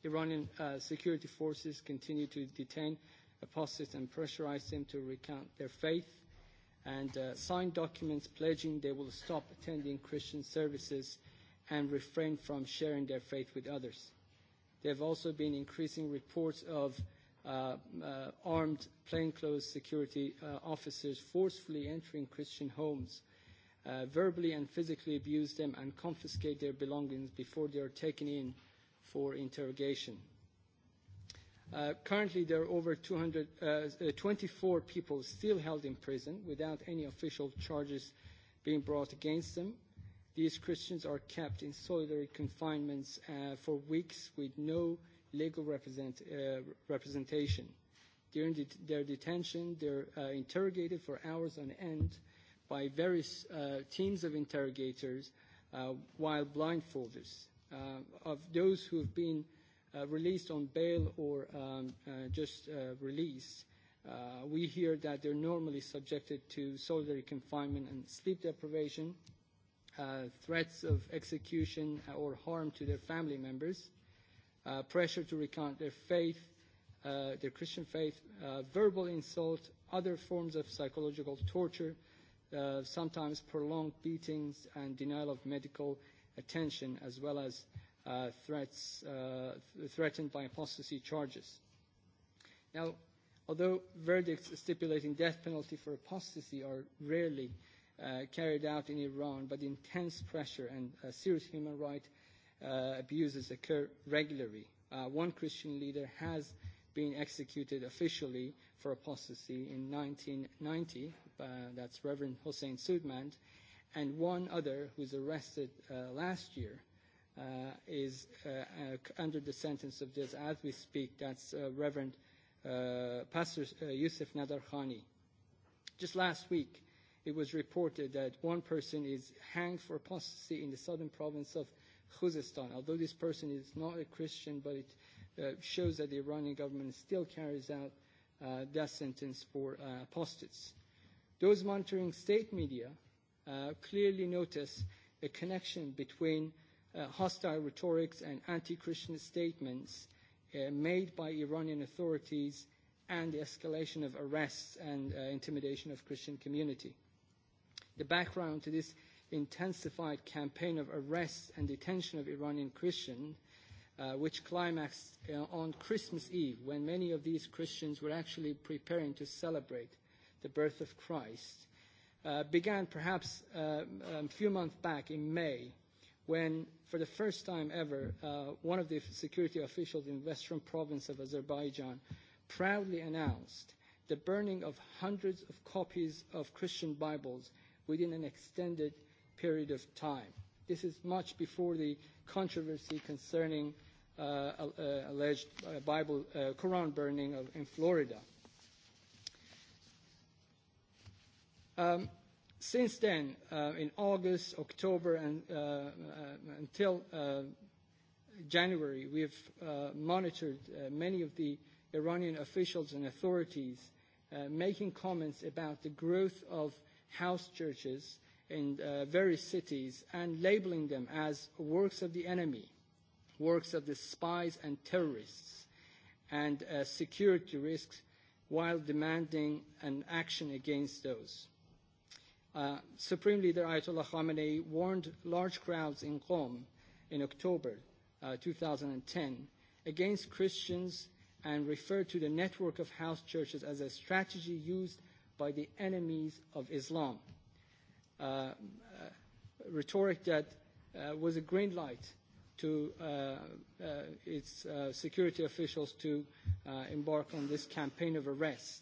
Iranian uh, security forces continue to detain apostates and pressurize them to recount their faith and uh, sign documents pledging they will stop attending Christian services and refrain from sharing their faith with others. There have also been increasing reports of uh, uh, armed plainclothes security uh, officers forcefully entering Christian homes uh, uh, verbally and physically abuse them and confiscate their belongings before they are taken in for interrogation. Uh, currently, there are over 200, uh, 24 people still held in prison without any official charges being brought against them. These Christians are kept in solitary confinements uh, for weeks with no legal represent, uh, representation. During det- their detention, they're uh, interrogated for hours on end by various uh, teams of interrogators uh, while blindfolded uh, of those who have been uh, released on bail or um, uh, just uh, released. Uh, we hear that they're normally subjected to solitary confinement and sleep deprivation, uh, threats of execution or harm to their family members, uh, pressure to recount their faith, uh, their Christian faith, uh, verbal insult, other forms of psychological torture, uh, uh, sometimes prolonged beatings and denial of medical attention, as well as uh, threats uh, th threatened by apostasy charges. Now, although verdicts stipulating death penalty for apostasy are rarely uh, carried out in Iran, but intense pressure and uh, serious human rights uh, abuses occur regularly. Uh, one Christian leader has been executed officially for apostasy in 1990 uh, that's Reverend Hossein Sudmand, and one other who's arrested uh, last year uh, is uh, uh, under the sentence of death as we speak. That's uh, Reverend uh, Pastor uh, Yusuf Nadarkhani. Just last week, it was reported that one person is hanged for apostasy in the southern province of Khuzestan. Although this person is not a Christian, but it uh, shows that the Iranian government still carries out uh, death sentence for uh, apostates. Uh, Those monitoring state media uh, clearly notice a connection between uh, hostile rhetorics and anti-Christian statements uh, made by Iranian authorities and the escalation of arrests and uh, intimidation of Christian community. The background to this intensified campaign of arrests and detention of Iranian Christians, uh, which climaxed uh, on Christmas Eve, when many of these Christians were actually preparing to celebrate the birth of Christ, uh, began perhaps uh, a few months back in May when, for the first time ever, uh, one of the security officials in western province of Azerbaijan proudly announced the burning of hundreds of copies of Christian Bibles within an extended period of time. This is much before the controversy concerning uh, alleged Bible uh, Quran burning of, in Florida. Um, since then, uh, in August, October, and uh, uh, until uh, January, we've uh, monitored uh, many of the Iranian officials and authorities uh, making comments about the growth of house churches in uh, various cities and labeling them as works of the enemy, works of the spies and terrorists, and uh, security risks while demanding an action against those. Uh, Supreme Leader Ayatollah Khamenei warned large crowds in Qom in October uh, 2010 against Christians and referred to the network of house churches as a strategy used by the enemies of Islam. Uh, rhetoric that uh, was a green light to uh, uh, its uh, security officials to uh, embark on this campaign of arrest.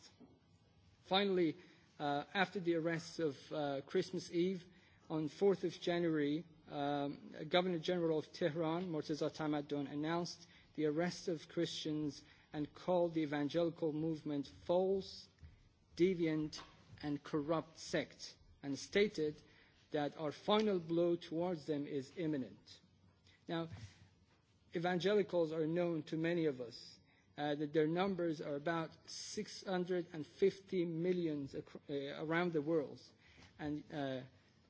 Finally, uh, uh, after the arrests of uh, Christmas Eve on 4th of January, um, Governor General of Tehran, Murtaza Tamaddon, announced the arrest of Christians and called the evangelical movement false, deviant, and corrupt sect, and stated that our final blow towards them is imminent. Now, evangelicals are known to many of us that their numbers are about 650 million uh around the world. And uh,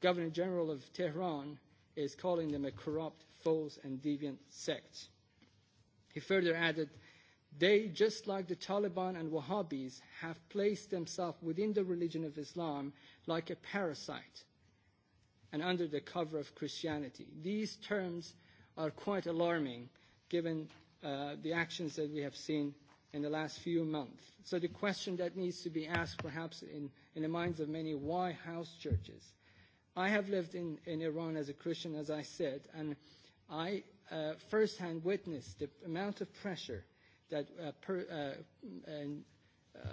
Governor General of Tehran is calling them a corrupt, false, and deviant sect. He further added, they, just like the Taliban and Wahhabis, have placed themselves within the religion of Islam like a parasite and under the cover of Christianity. These terms are quite alarming given the actions that we have seen in the last few months. So the question that needs to be asked, perhaps in, in the minds of many, why house churches? I have lived in, in Iran as a Christian, as I said, and I uh, firsthand witnessed the amount of pressure that uh, per, uh, and, uh,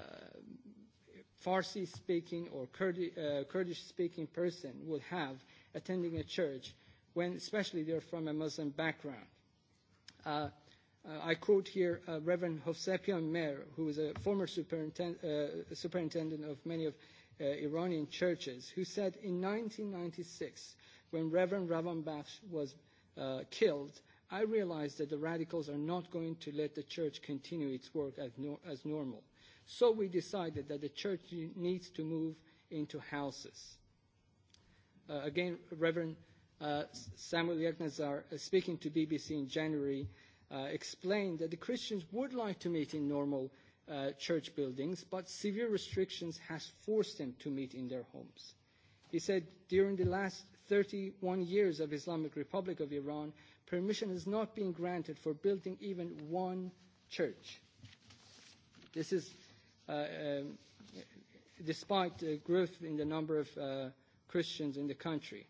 Farsi-speaking or Kurdi, uh, Kurdish-speaking person would have attending a church when, especially they're from a Muslim background. Uh, I quote here uh, Reverend Hovsepian Mer, who is a former superintendent, uh, superintendent of many of uh, Iranian churches, who said in 1996, when Reverend Ravanbakhsh was uh, killed, I realized that the radicals are not going to let the church continue its work as, no, as normal. So we decided that the church needs to move into houses. Uh, again, Reverend uh, Samuel Yaknazar, uh, speaking to BBC in January, explained that the Christians would like to meet in normal uh, church buildings, but severe restrictions has forced them to meet in their homes. He said during the last 31 years of Islamic Republic of Iran, permission has not been granted for building even one church. This is uh, um, despite the growth in the number of uh, Christians in the country.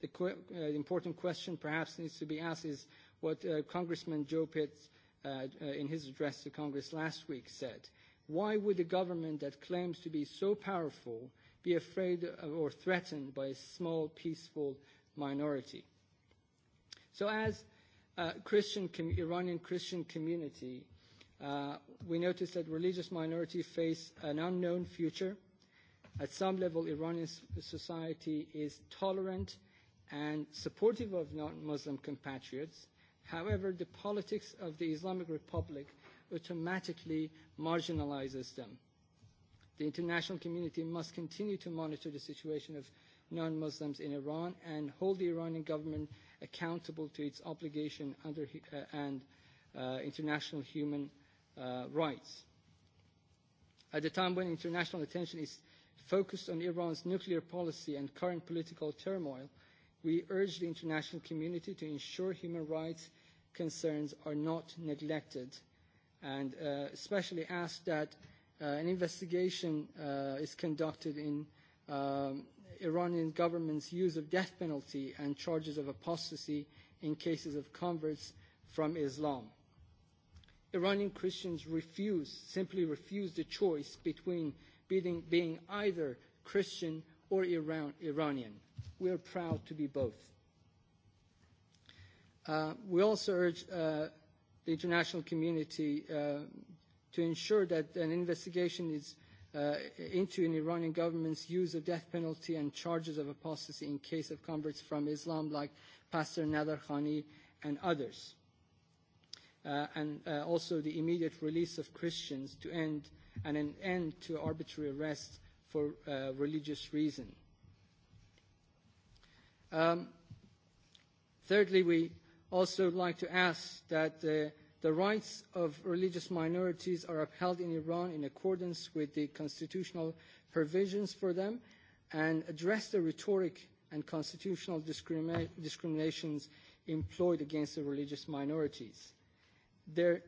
The qu- uh, important question perhaps needs to be asked is what uh, Congressman Joe Pitts, uh, in his address to Congress last week, said. Why would a government that claims to be so powerful be afraid of or threatened by a small, peaceful minority? So, as a Christian com- Iranian Christian community, uh, we notice that religious minorities face an unknown future. At some level, Iranian society is tolerant and supportive of non Muslim compatriots, However, the politics of the Islamic Republic automatically marginalizes them. The international community must continue to monitor the situation of non-Muslims in Iran and hold the Iranian government accountable to its obligation under uh, and uh, international human uh, rights. At the time when international attention is focused on Iran's nuclear policy and current political turmoil, we urge the international community to ensure human rights concerns are not neglected and uh, especially ask that uh, an investigation uh, is conducted in um, Iranian government's use of death penalty and charges of apostasy in cases of converts from Islam. Iranian Christians refuse, simply refuse the choice between being, being either Christian or Iran, Iranian. We are proud to be both. Uh, we also urge uh, the international community uh, to ensure that an investigation is uh, into an Iranian government's use of death penalty and charges of apostasy in case of converts from Islam like Pastor Nader Khani and others. Uh, and uh, also the immediate release of Christians to end and an end to arbitrary arrest for uh, religious reason. Um, thirdly, we also like to ask that uh, the rights of religious minorities are upheld in Iran in accordance with the constitutional provisions for them and address the rhetoric and constitutional discrimi- discriminations employed against the religious minorities. There,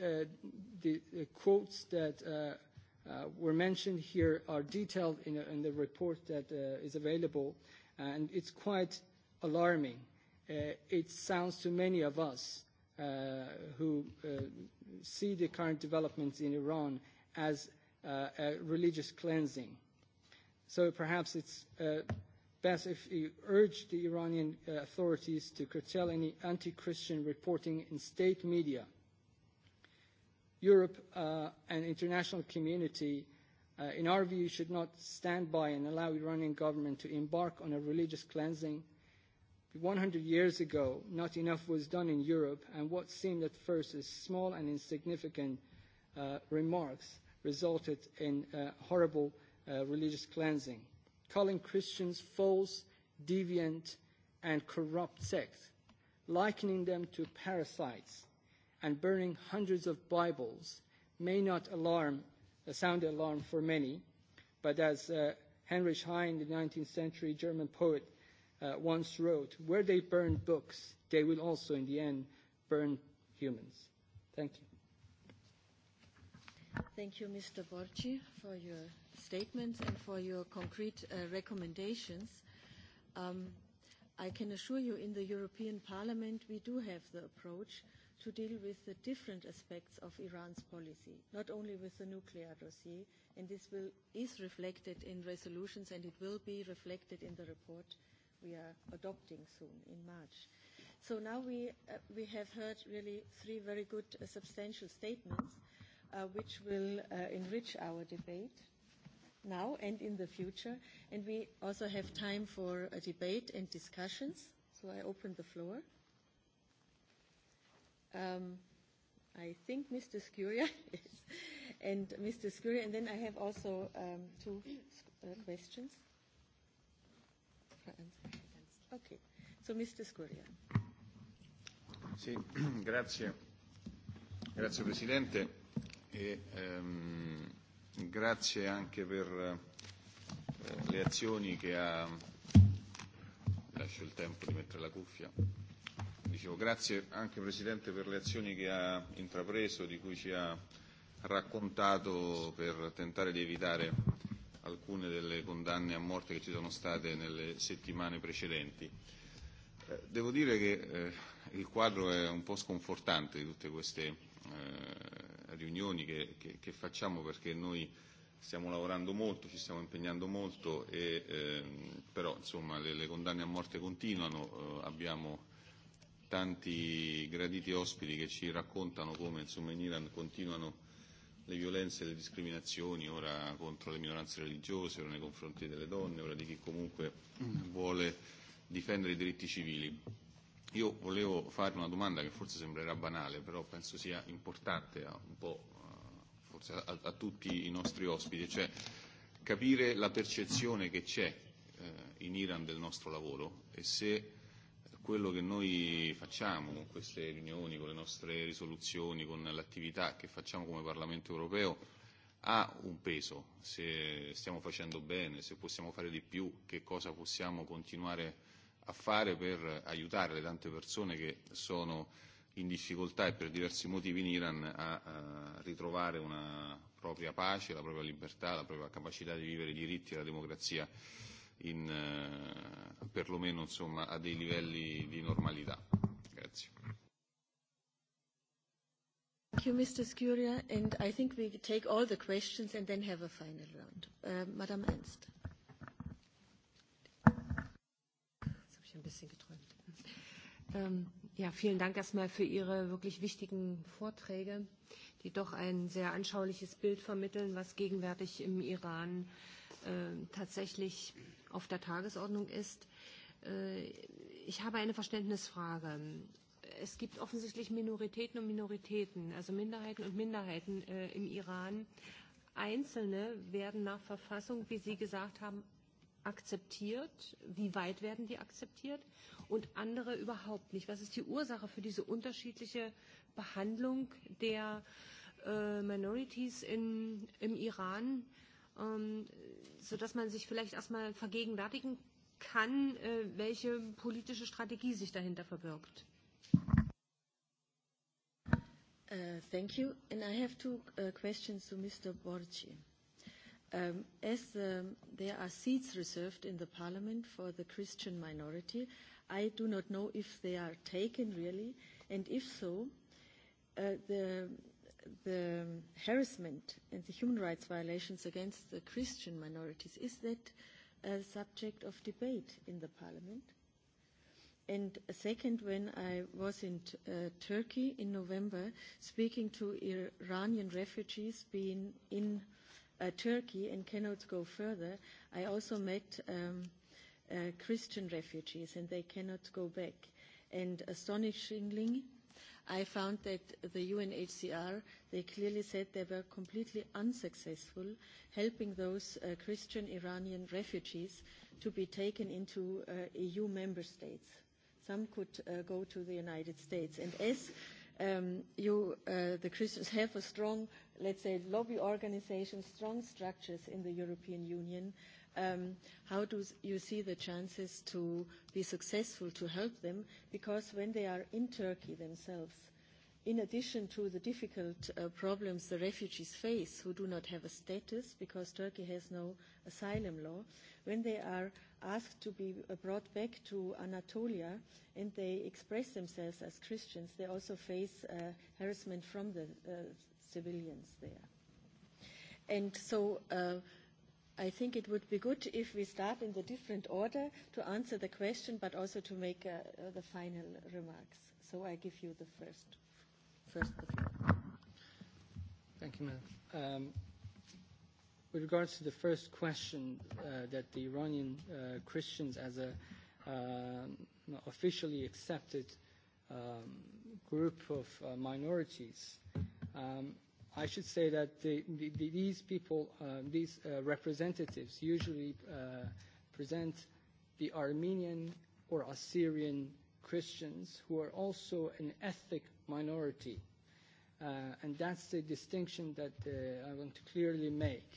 uh, the, the quotes that uh, uh, were mentioned here are detailed in, in the report that uh, is available, and it's quite alarming it sounds to many of us uh who uh see the current developments in Iran as uh a religious cleansing. So perhaps it's uh best if you urge the Iranian authorities to curtail any anti-Christian reporting in state media. Europe uh, and international community, uh, in our view, should not stand by and allow Iranian government to embark on a religious cleansing – 100 years ago, not enough was done in Europe, and what seemed at first as small and insignificant uh, remarks resulted in uh, horrible uh, religious cleansing, calling Christians false, deviant, and corrupt sects, likening them to parasites, and burning hundreds of Bibles may not alarm, uh, sound alarm for many, but as uh, Heinrich Heine, the 19th century German poet, once wrote, where they burn books, they will also in the end burn humans. Thank you. Thank you, Mr. Borci, for your statements and for your concrete uh, recommendations. Um, I can assure you in the European Parliament we do have the approach to deal with the different aspects of Iran's policy, not only with the nuclear dossier, and this will, is reflected in resolutions and it will be reflected in the report we are adopting soon in March. So now we, uh, we have heard really three very good uh, substantial statements uh, which will uh, enrich our debate now and in the future. And we also have time for a debate and discussions. So I open the floor. Um, I think Mr. Scuria, yes, and Mr. Scuria, and then I have also um, two uh, questions. Okay. So, Mr. Sì, grazie. Grazie Presidente e ehm, grazie anche per eh, le azioni che ha lascio il tempo di mettere la cuffia. Dicevo grazie anche Presidente per le azioni che ha intrapreso, di cui ci ha raccontato per tentare di evitare alcune delle condanne a morte che ci sono state nelle settimane precedenti. Devo dire che il quadro è un po' sconfortante di tutte queste riunioni che, che, che facciamo perché noi stiamo lavorando molto, ci stiamo impegnando molto, e, ehm, però insomma, le, le condanne a morte continuano, eh, abbiamo tanti graditi ospiti che ci raccontano come insomma, in Iran continuano le violenze e le discriminazioni, ora contro le minoranze religiose, ora nei confronti delle donne, ora di chi comunque vuole difendere i diritti civili. Io volevo fare una domanda che forse sembrerà banale, però penso sia importante a, un po', forse a, a tutti i nostri ospiti, cioè capire la percezione che c'è eh, in Iran del nostro lavoro e se quello che noi facciamo con queste riunioni, con le nostre risoluzioni, con l'attività che facciamo come Parlamento europeo ha un peso, se stiamo facendo bene, se possiamo fare di più, che cosa possiamo continuare a fare per aiutare le tante persone che sono in difficoltà e per diversi motivi in Iran a ritrovare una propria pace, la propria libertà, la propria capacità di vivere i diritti e la democrazia in, eh, perlomeno insomma, a dei livelli di normalità. Grazie. Thank you, Mr. Scuria. And I think we take all the questions and then have a final round. Uh, Madame Ernst. Jetzt ja, vielen Dank erstmal für Ihre wirklich wichtigen Vorträge. Äh, die doch ein sehr anschauliches Bild vermitteln, was gegenwärtig im Iran tatsächlich auf der Tagesordnung ist. Ich habe eine Verständnisfrage. Es gibt offensichtlich Minoritäten und Minoritäten, also Minderheiten und Minderheiten im Iran. Einzelne werden nach Verfassung, wie Sie gesagt haben, akzeptiert? Wie weit werden die akzeptiert? Und andere überhaupt nicht? Was ist die Ursache für diese unterschiedliche Behandlung der äh, Minorities in, im Iran, ähm, sodass man sich vielleicht erstmal vergegenwärtigen kann, äh, welche politische Strategie sich dahinter verbirgt. Uh, thank you. And I have two uh, questions to Mr. Borci. Um, as the, there are seats reserved in the parliament for the Christian minority, I do not know if they are taken really, and if so, the, the harassment and the human rights violations against the Christian minorities, is that a subject of debate in the parliament? And second, when I was in uh, Turkey in November, speaking to Iranian refugees being in uh, Turkey and cannot go further, I also met um, uh, Christian refugees and they cannot go back. And astonishingly, I found that the UNHCR, they clearly said they were completely unsuccessful helping those uh, Christian Iranian refugees to be taken into uh, EU member states. Some could uh, go to the United States. And as um, you, uh, the Christians have a strong, let's say, lobby organization, strong structures in the European Union, uh, um, how do you see the chances to be successful to help them? Because when they are in Turkey themselves, in addition to the difficult uh, problems the refugees face who do not have a status because Turkey has no asylum law, when they are asked to be brought back to Anatolia and they express themselves as Christians, they also face uh, harassment from the uh, civilians there. And so uh, I think it would be good if we start in the different order to answer the question, but also to make uh, uh, the final remarks. So I give you the first, first the floor. Thank you, Madam. Um, with regards to the first question uh, that the Iranian uh, Christians as a um, officially accepted um, group of uh, minorities, um, I should say that the, the, these people, uh, these uh, representatives, usually uh, present the Armenian or Assyrian Christians who are also an ethnic minority. Uh, and that's the distinction that uh, I want to clearly make.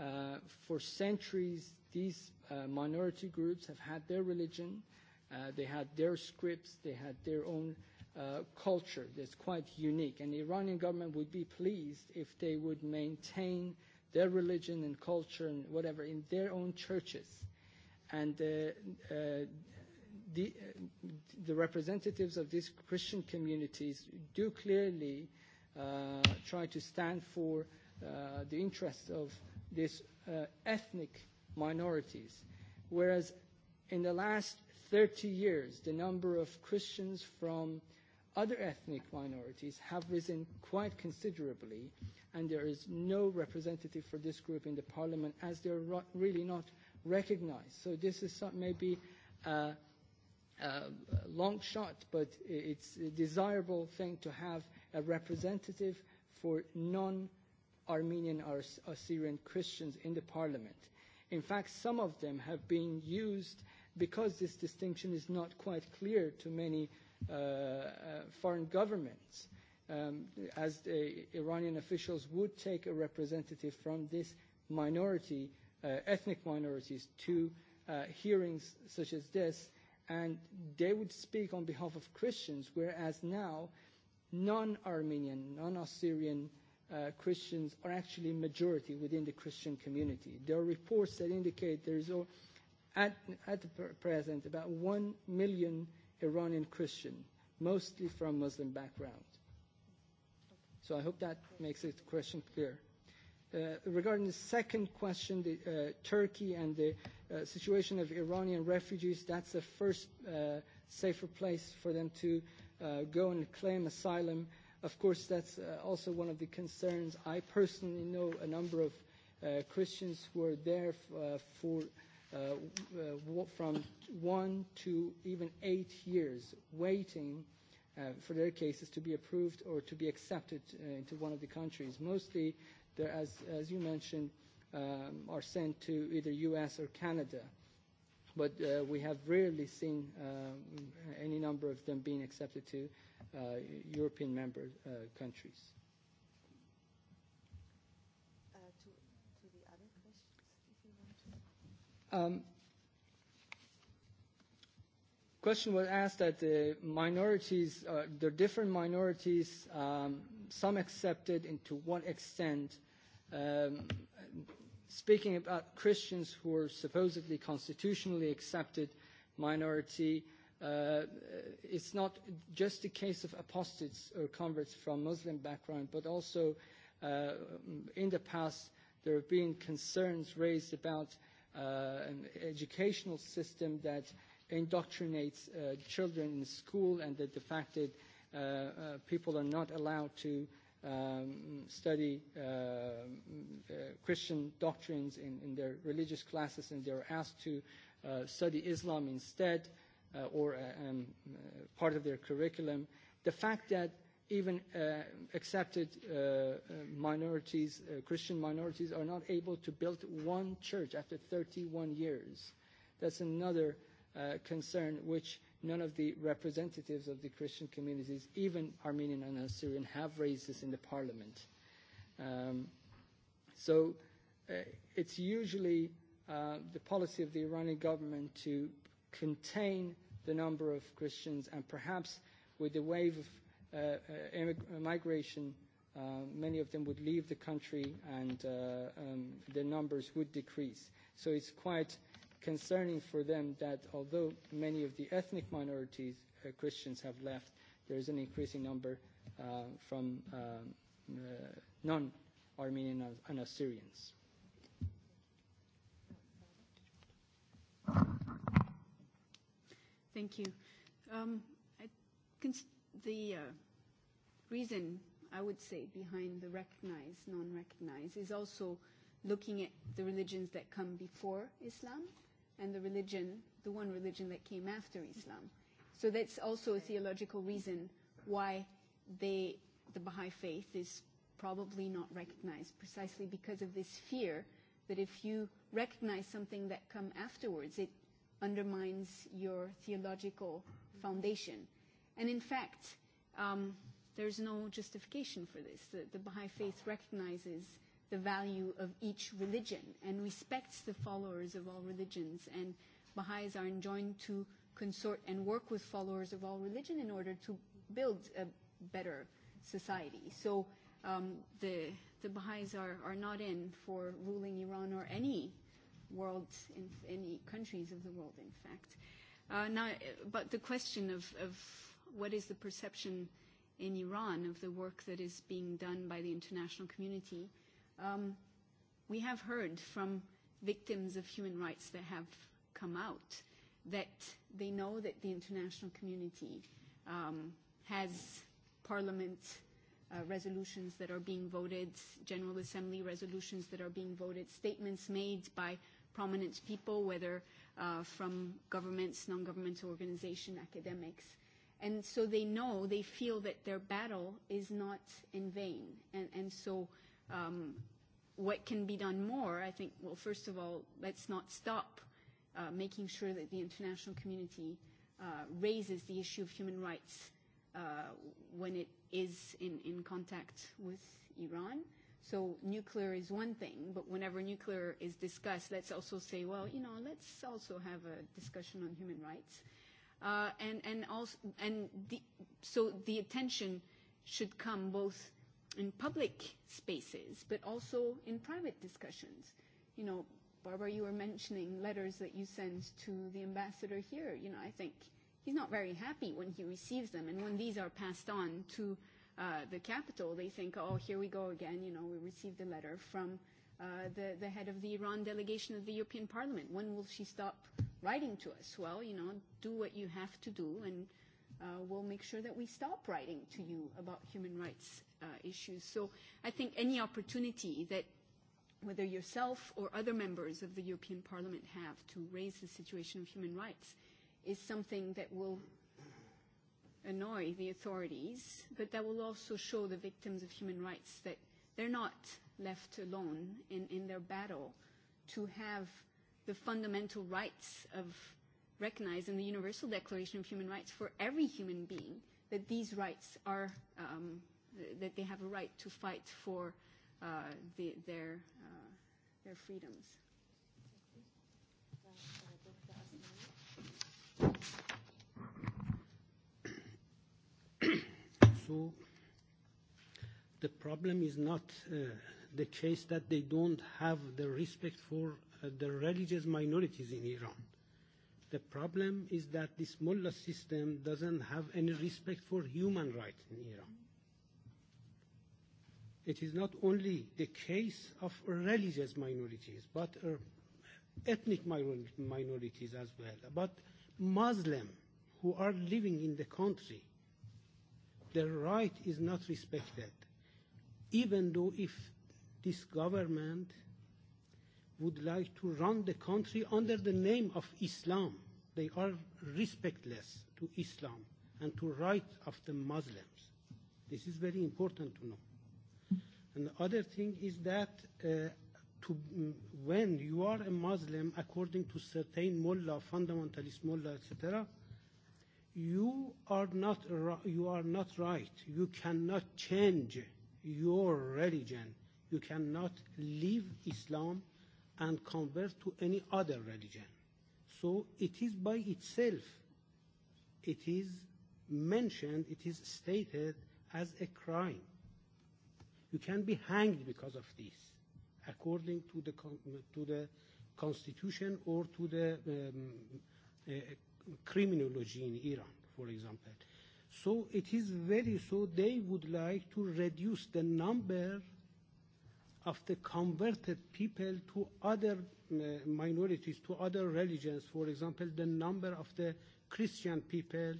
Uh, for centuries, these uh, minority groups have had their religion, uh, they had their scripts, they had their own uh, uh, culture that's quite unique. And the Iranian government would be pleased if they would maintain their religion and culture and whatever in their own churches. And uh, uh, the, uh, the representatives of these Christian communities do clearly uh, try to stand for uh, the interests of these uh, ethnic minorities. Whereas in the last 30 years, the number of Christians from uh, other ethnic minorities have risen quite considerably, and there is no representative for this group in the parliament as they're ro- really not recognized. So this is some, maybe a, uh long shot, but it's a desirable thing to have a representative for non Armenian or Assyrian Christians in the parliament. In fact, some of them have been used because this distinction is not quite clear to many uh, uh, foreign governments, um, as the Iranian officials would take a representative from this minority, uh, ethnic minorities, to uh, hearings such as this, and they would speak on behalf of Christians, whereas now non-Armenian, non-Assyrian uh, Christians are actually majority within the Christian community. There are reports that indicate there is, at, at the present, about one million uh, Iranian Christian, mostly from Muslim background. So I hope that makes the question clear. Uh, regarding the second question, the, uh, Turkey and the uh, situation of Iranian refugees, that's the first uh, safer place for them to uh, go and claim asylum. Of course, that's uh, also one of the concerns. I personally know a number of uh, Christians who are there f- uh, for uh, from one to even eight years waiting uh, for their cases to be approved or to be accepted uh, into one of the countries. Mostly, they're, as, as you mentioned, um, are sent to either US or Canada. But uh, we have rarely seen um, any number of them being accepted to uh, European member uh, countries. Um, question was asked that the minorities, uh, the different minorities, um, some accepted and to what extent. Um, speaking about Christians who are supposedly constitutionally accepted minority, uh, it's not just a case of apostates or converts from Muslim background, but also uh, in the past there have been concerns raised about uh, uh, an educational system that indoctrinates uh, children in school and that the fact that uh, uh, people are not allowed to um, study uh, uh, Christian doctrines in, in their religious classes and they're asked to uh, study Islam instead uh, or uh, um, uh part of their curriculum. The fact that even uh, accepted uh, minorities, uh, Christian minorities, are not able to build one church after 31 years. That's another uh, concern which none of the representatives of the Christian communities, even Armenian and Assyrian, have raised this in the parliament. Um, so uh, it's usually uh, the policy of the Iranian government to contain the number of Christians and perhaps with the wave of uh, migration, uh, many of them would leave the country and uh, um, their numbers would decrease. So it's quite concerning for them that although many of the ethnic minorities, uh, Christians, have left, there is an increasing number uh, from um, uh, non-Armenian and Assyrians. Thank you. Um, I can the uh, reason I would say behind the recognized, non-recognized is also looking at the religions that come before Islam and the religion, the one religion that came after Islam. So that's also a theological reason why they, the Baha'i faith is probably not recognized, precisely because of this fear that if you recognize something that come afterwards, it undermines your theological foundation. Mm-hmm And in fact, um, there's no justification for this. The, the Baha'i faith recognizes the value of each religion and respects the followers of all religions. And Baha'is are enjoined to consort and work with followers of all religion in order to build a better society. So um, the, the Baha'is are, are not in for ruling Iran or any world, in, any countries of the world, in fact. Uh, now, but the question of, of what is the perception in Iran of the work that is being done by the international community. Um, we have heard from victims of human rights that have come out that they know that the international community um, has parliament uh, resolutions that are being voted, General Assembly resolutions that are being voted, statements made by prominent people, whether uh, from governments, non-governmental organizations, academics, And so they know, they feel that their battle is not in vain. And, and so um, what can be done more, I think, well, first of all, let's not stop uh, making sure that the international community uh, raises the issue of human rights uh, when it is in, in contact with Iran. So nuclear is one thing, but whenever nuclear is discussed, let's also say, well, you know, let's also have a discussion on human rights. Uh, uh, and and also and the, so the attention should come both in public spaces but also in private discussions. You know, Barbara, you were mentioning letters that you send to the ambassador here. You know, I think he's not very happy when he receives them, and when these are passed on to uh, the capital, they think, oh, here we go again. You know, we received a letter from. Uh, the, the head of the Iran delegation of the European Parliament. When will she stop writing to us. Well, you know, do what you have to do, and uh, we'll make sure that we stop writing to you about human rights uh, issues. So I think any opportunity that whether yourself or other members of the European Parliament have to raise the situation of human rights is something that will annoy the authorities, but that will also show the victims of human rights that they're not left alone in, in their battle to have the fundamental rights of recognized in the Universal Declaration of Human Rights for every human being that these rights are um, that they have a right to fight for uh, the, their uh, their freedoms. So the problem is not uh, the case that they don't have the respect for the religious minorities in Iran. The problem is that this mullah system doesn't have any respect for human rights in Iran. It is not only the case of religious minorities, but uh, ethnic minorities as well, but Muslims who are living in the country. Their right is not respected, even though if this government would like to run the country under the name of Islam. They are respectless to Islam and to rights of the Muslims. This is very important to know. And the other thing is that uh, to, when you are a Muslim, according to certain mullah, fundamentalist mullah, etc., you are not you are not right. You cannot change your religion. You cannot leave Islam and convert to any other religion. So it is by itself, it is mentioned, it is stated as a crime. You can be hanged because of this, according to the, to the constitution or to the um, uh, criminology in Iran, for example. So it is very so they would like to reduce the number of the converted people to other uh, minorities, to other religions. For example, the number of the Christian people,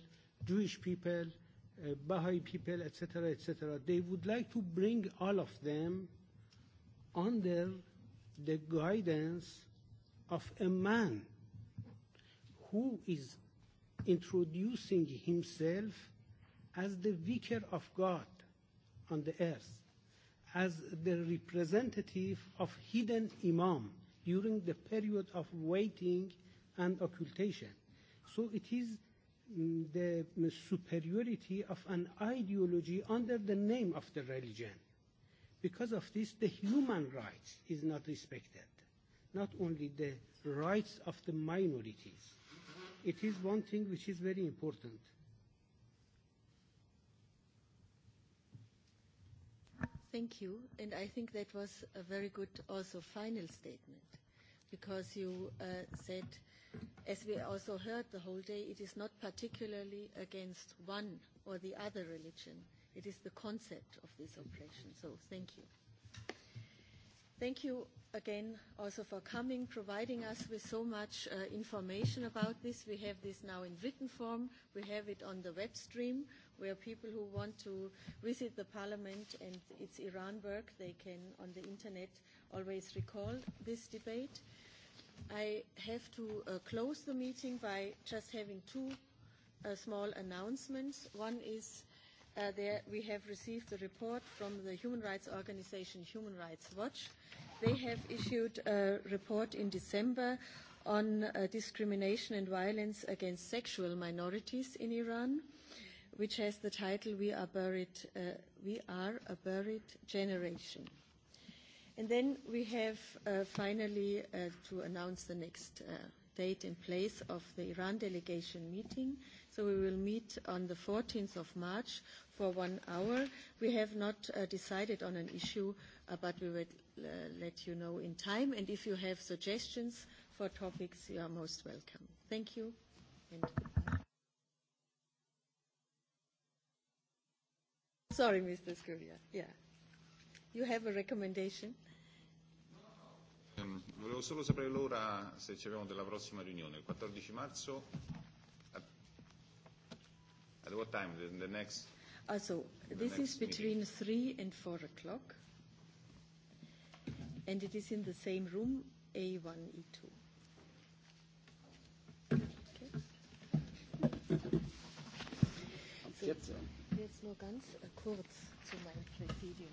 Jewish people, uh, Baha'i people, etc., etc. They would like to bring all of them under the guidance of a man who is introducing himself as the vicar of God on the earth as the representative of hidden imam during the period of waiting and occultation. So it is the superiority of an ideology under the name of the religion. Because of this, the human rights is not respected, not only the rights of the minorities. It is one thing which is very important. Thank you. And I think that was a very good also final statement because you uh, said, as we also heard the whole day, it is not particularly against one or the other religion. It is the concept of this oppression. So thank you. Thank you again also for coming, providing us with so much uh, information about this. We have this now in written form. We have it on the web stream where people who want to visit the parliament and its Iran work, they can on the internet always recall this debate. I have to uh, close the meeting by just having two uh, small announcements. One is uh, there we have received a report from the human rights organization Human Rights Watch. They have issued a report in December on uh, discrimination and violence against sexual minorities in Iran which has the title "We Are Buried, uh, We Are a Buried Generation." And then we have uh, finally uh, to announce the next uh, date and place of the Iran delegation meeting. So we will meet on the 14th of March for one hour. We have not uh, decided on an issue, uh, but we will uh, let you know in time. And if you have suggestions for topics, you are most welcome. Thank you. And Sorry, Mr. Scrivia. Yeah. You have a recommendation? Volevo solo sapere l'ora se ci abbiamo della prossima riunione, il 14 marzo. At, at what time? The, the next. uh, so, the this next is between meeting. 3 and 4 o'clock, and it is in the same room, A1E2. Okay. So, jetzt nur ganz kurz zu meinem Präsidium.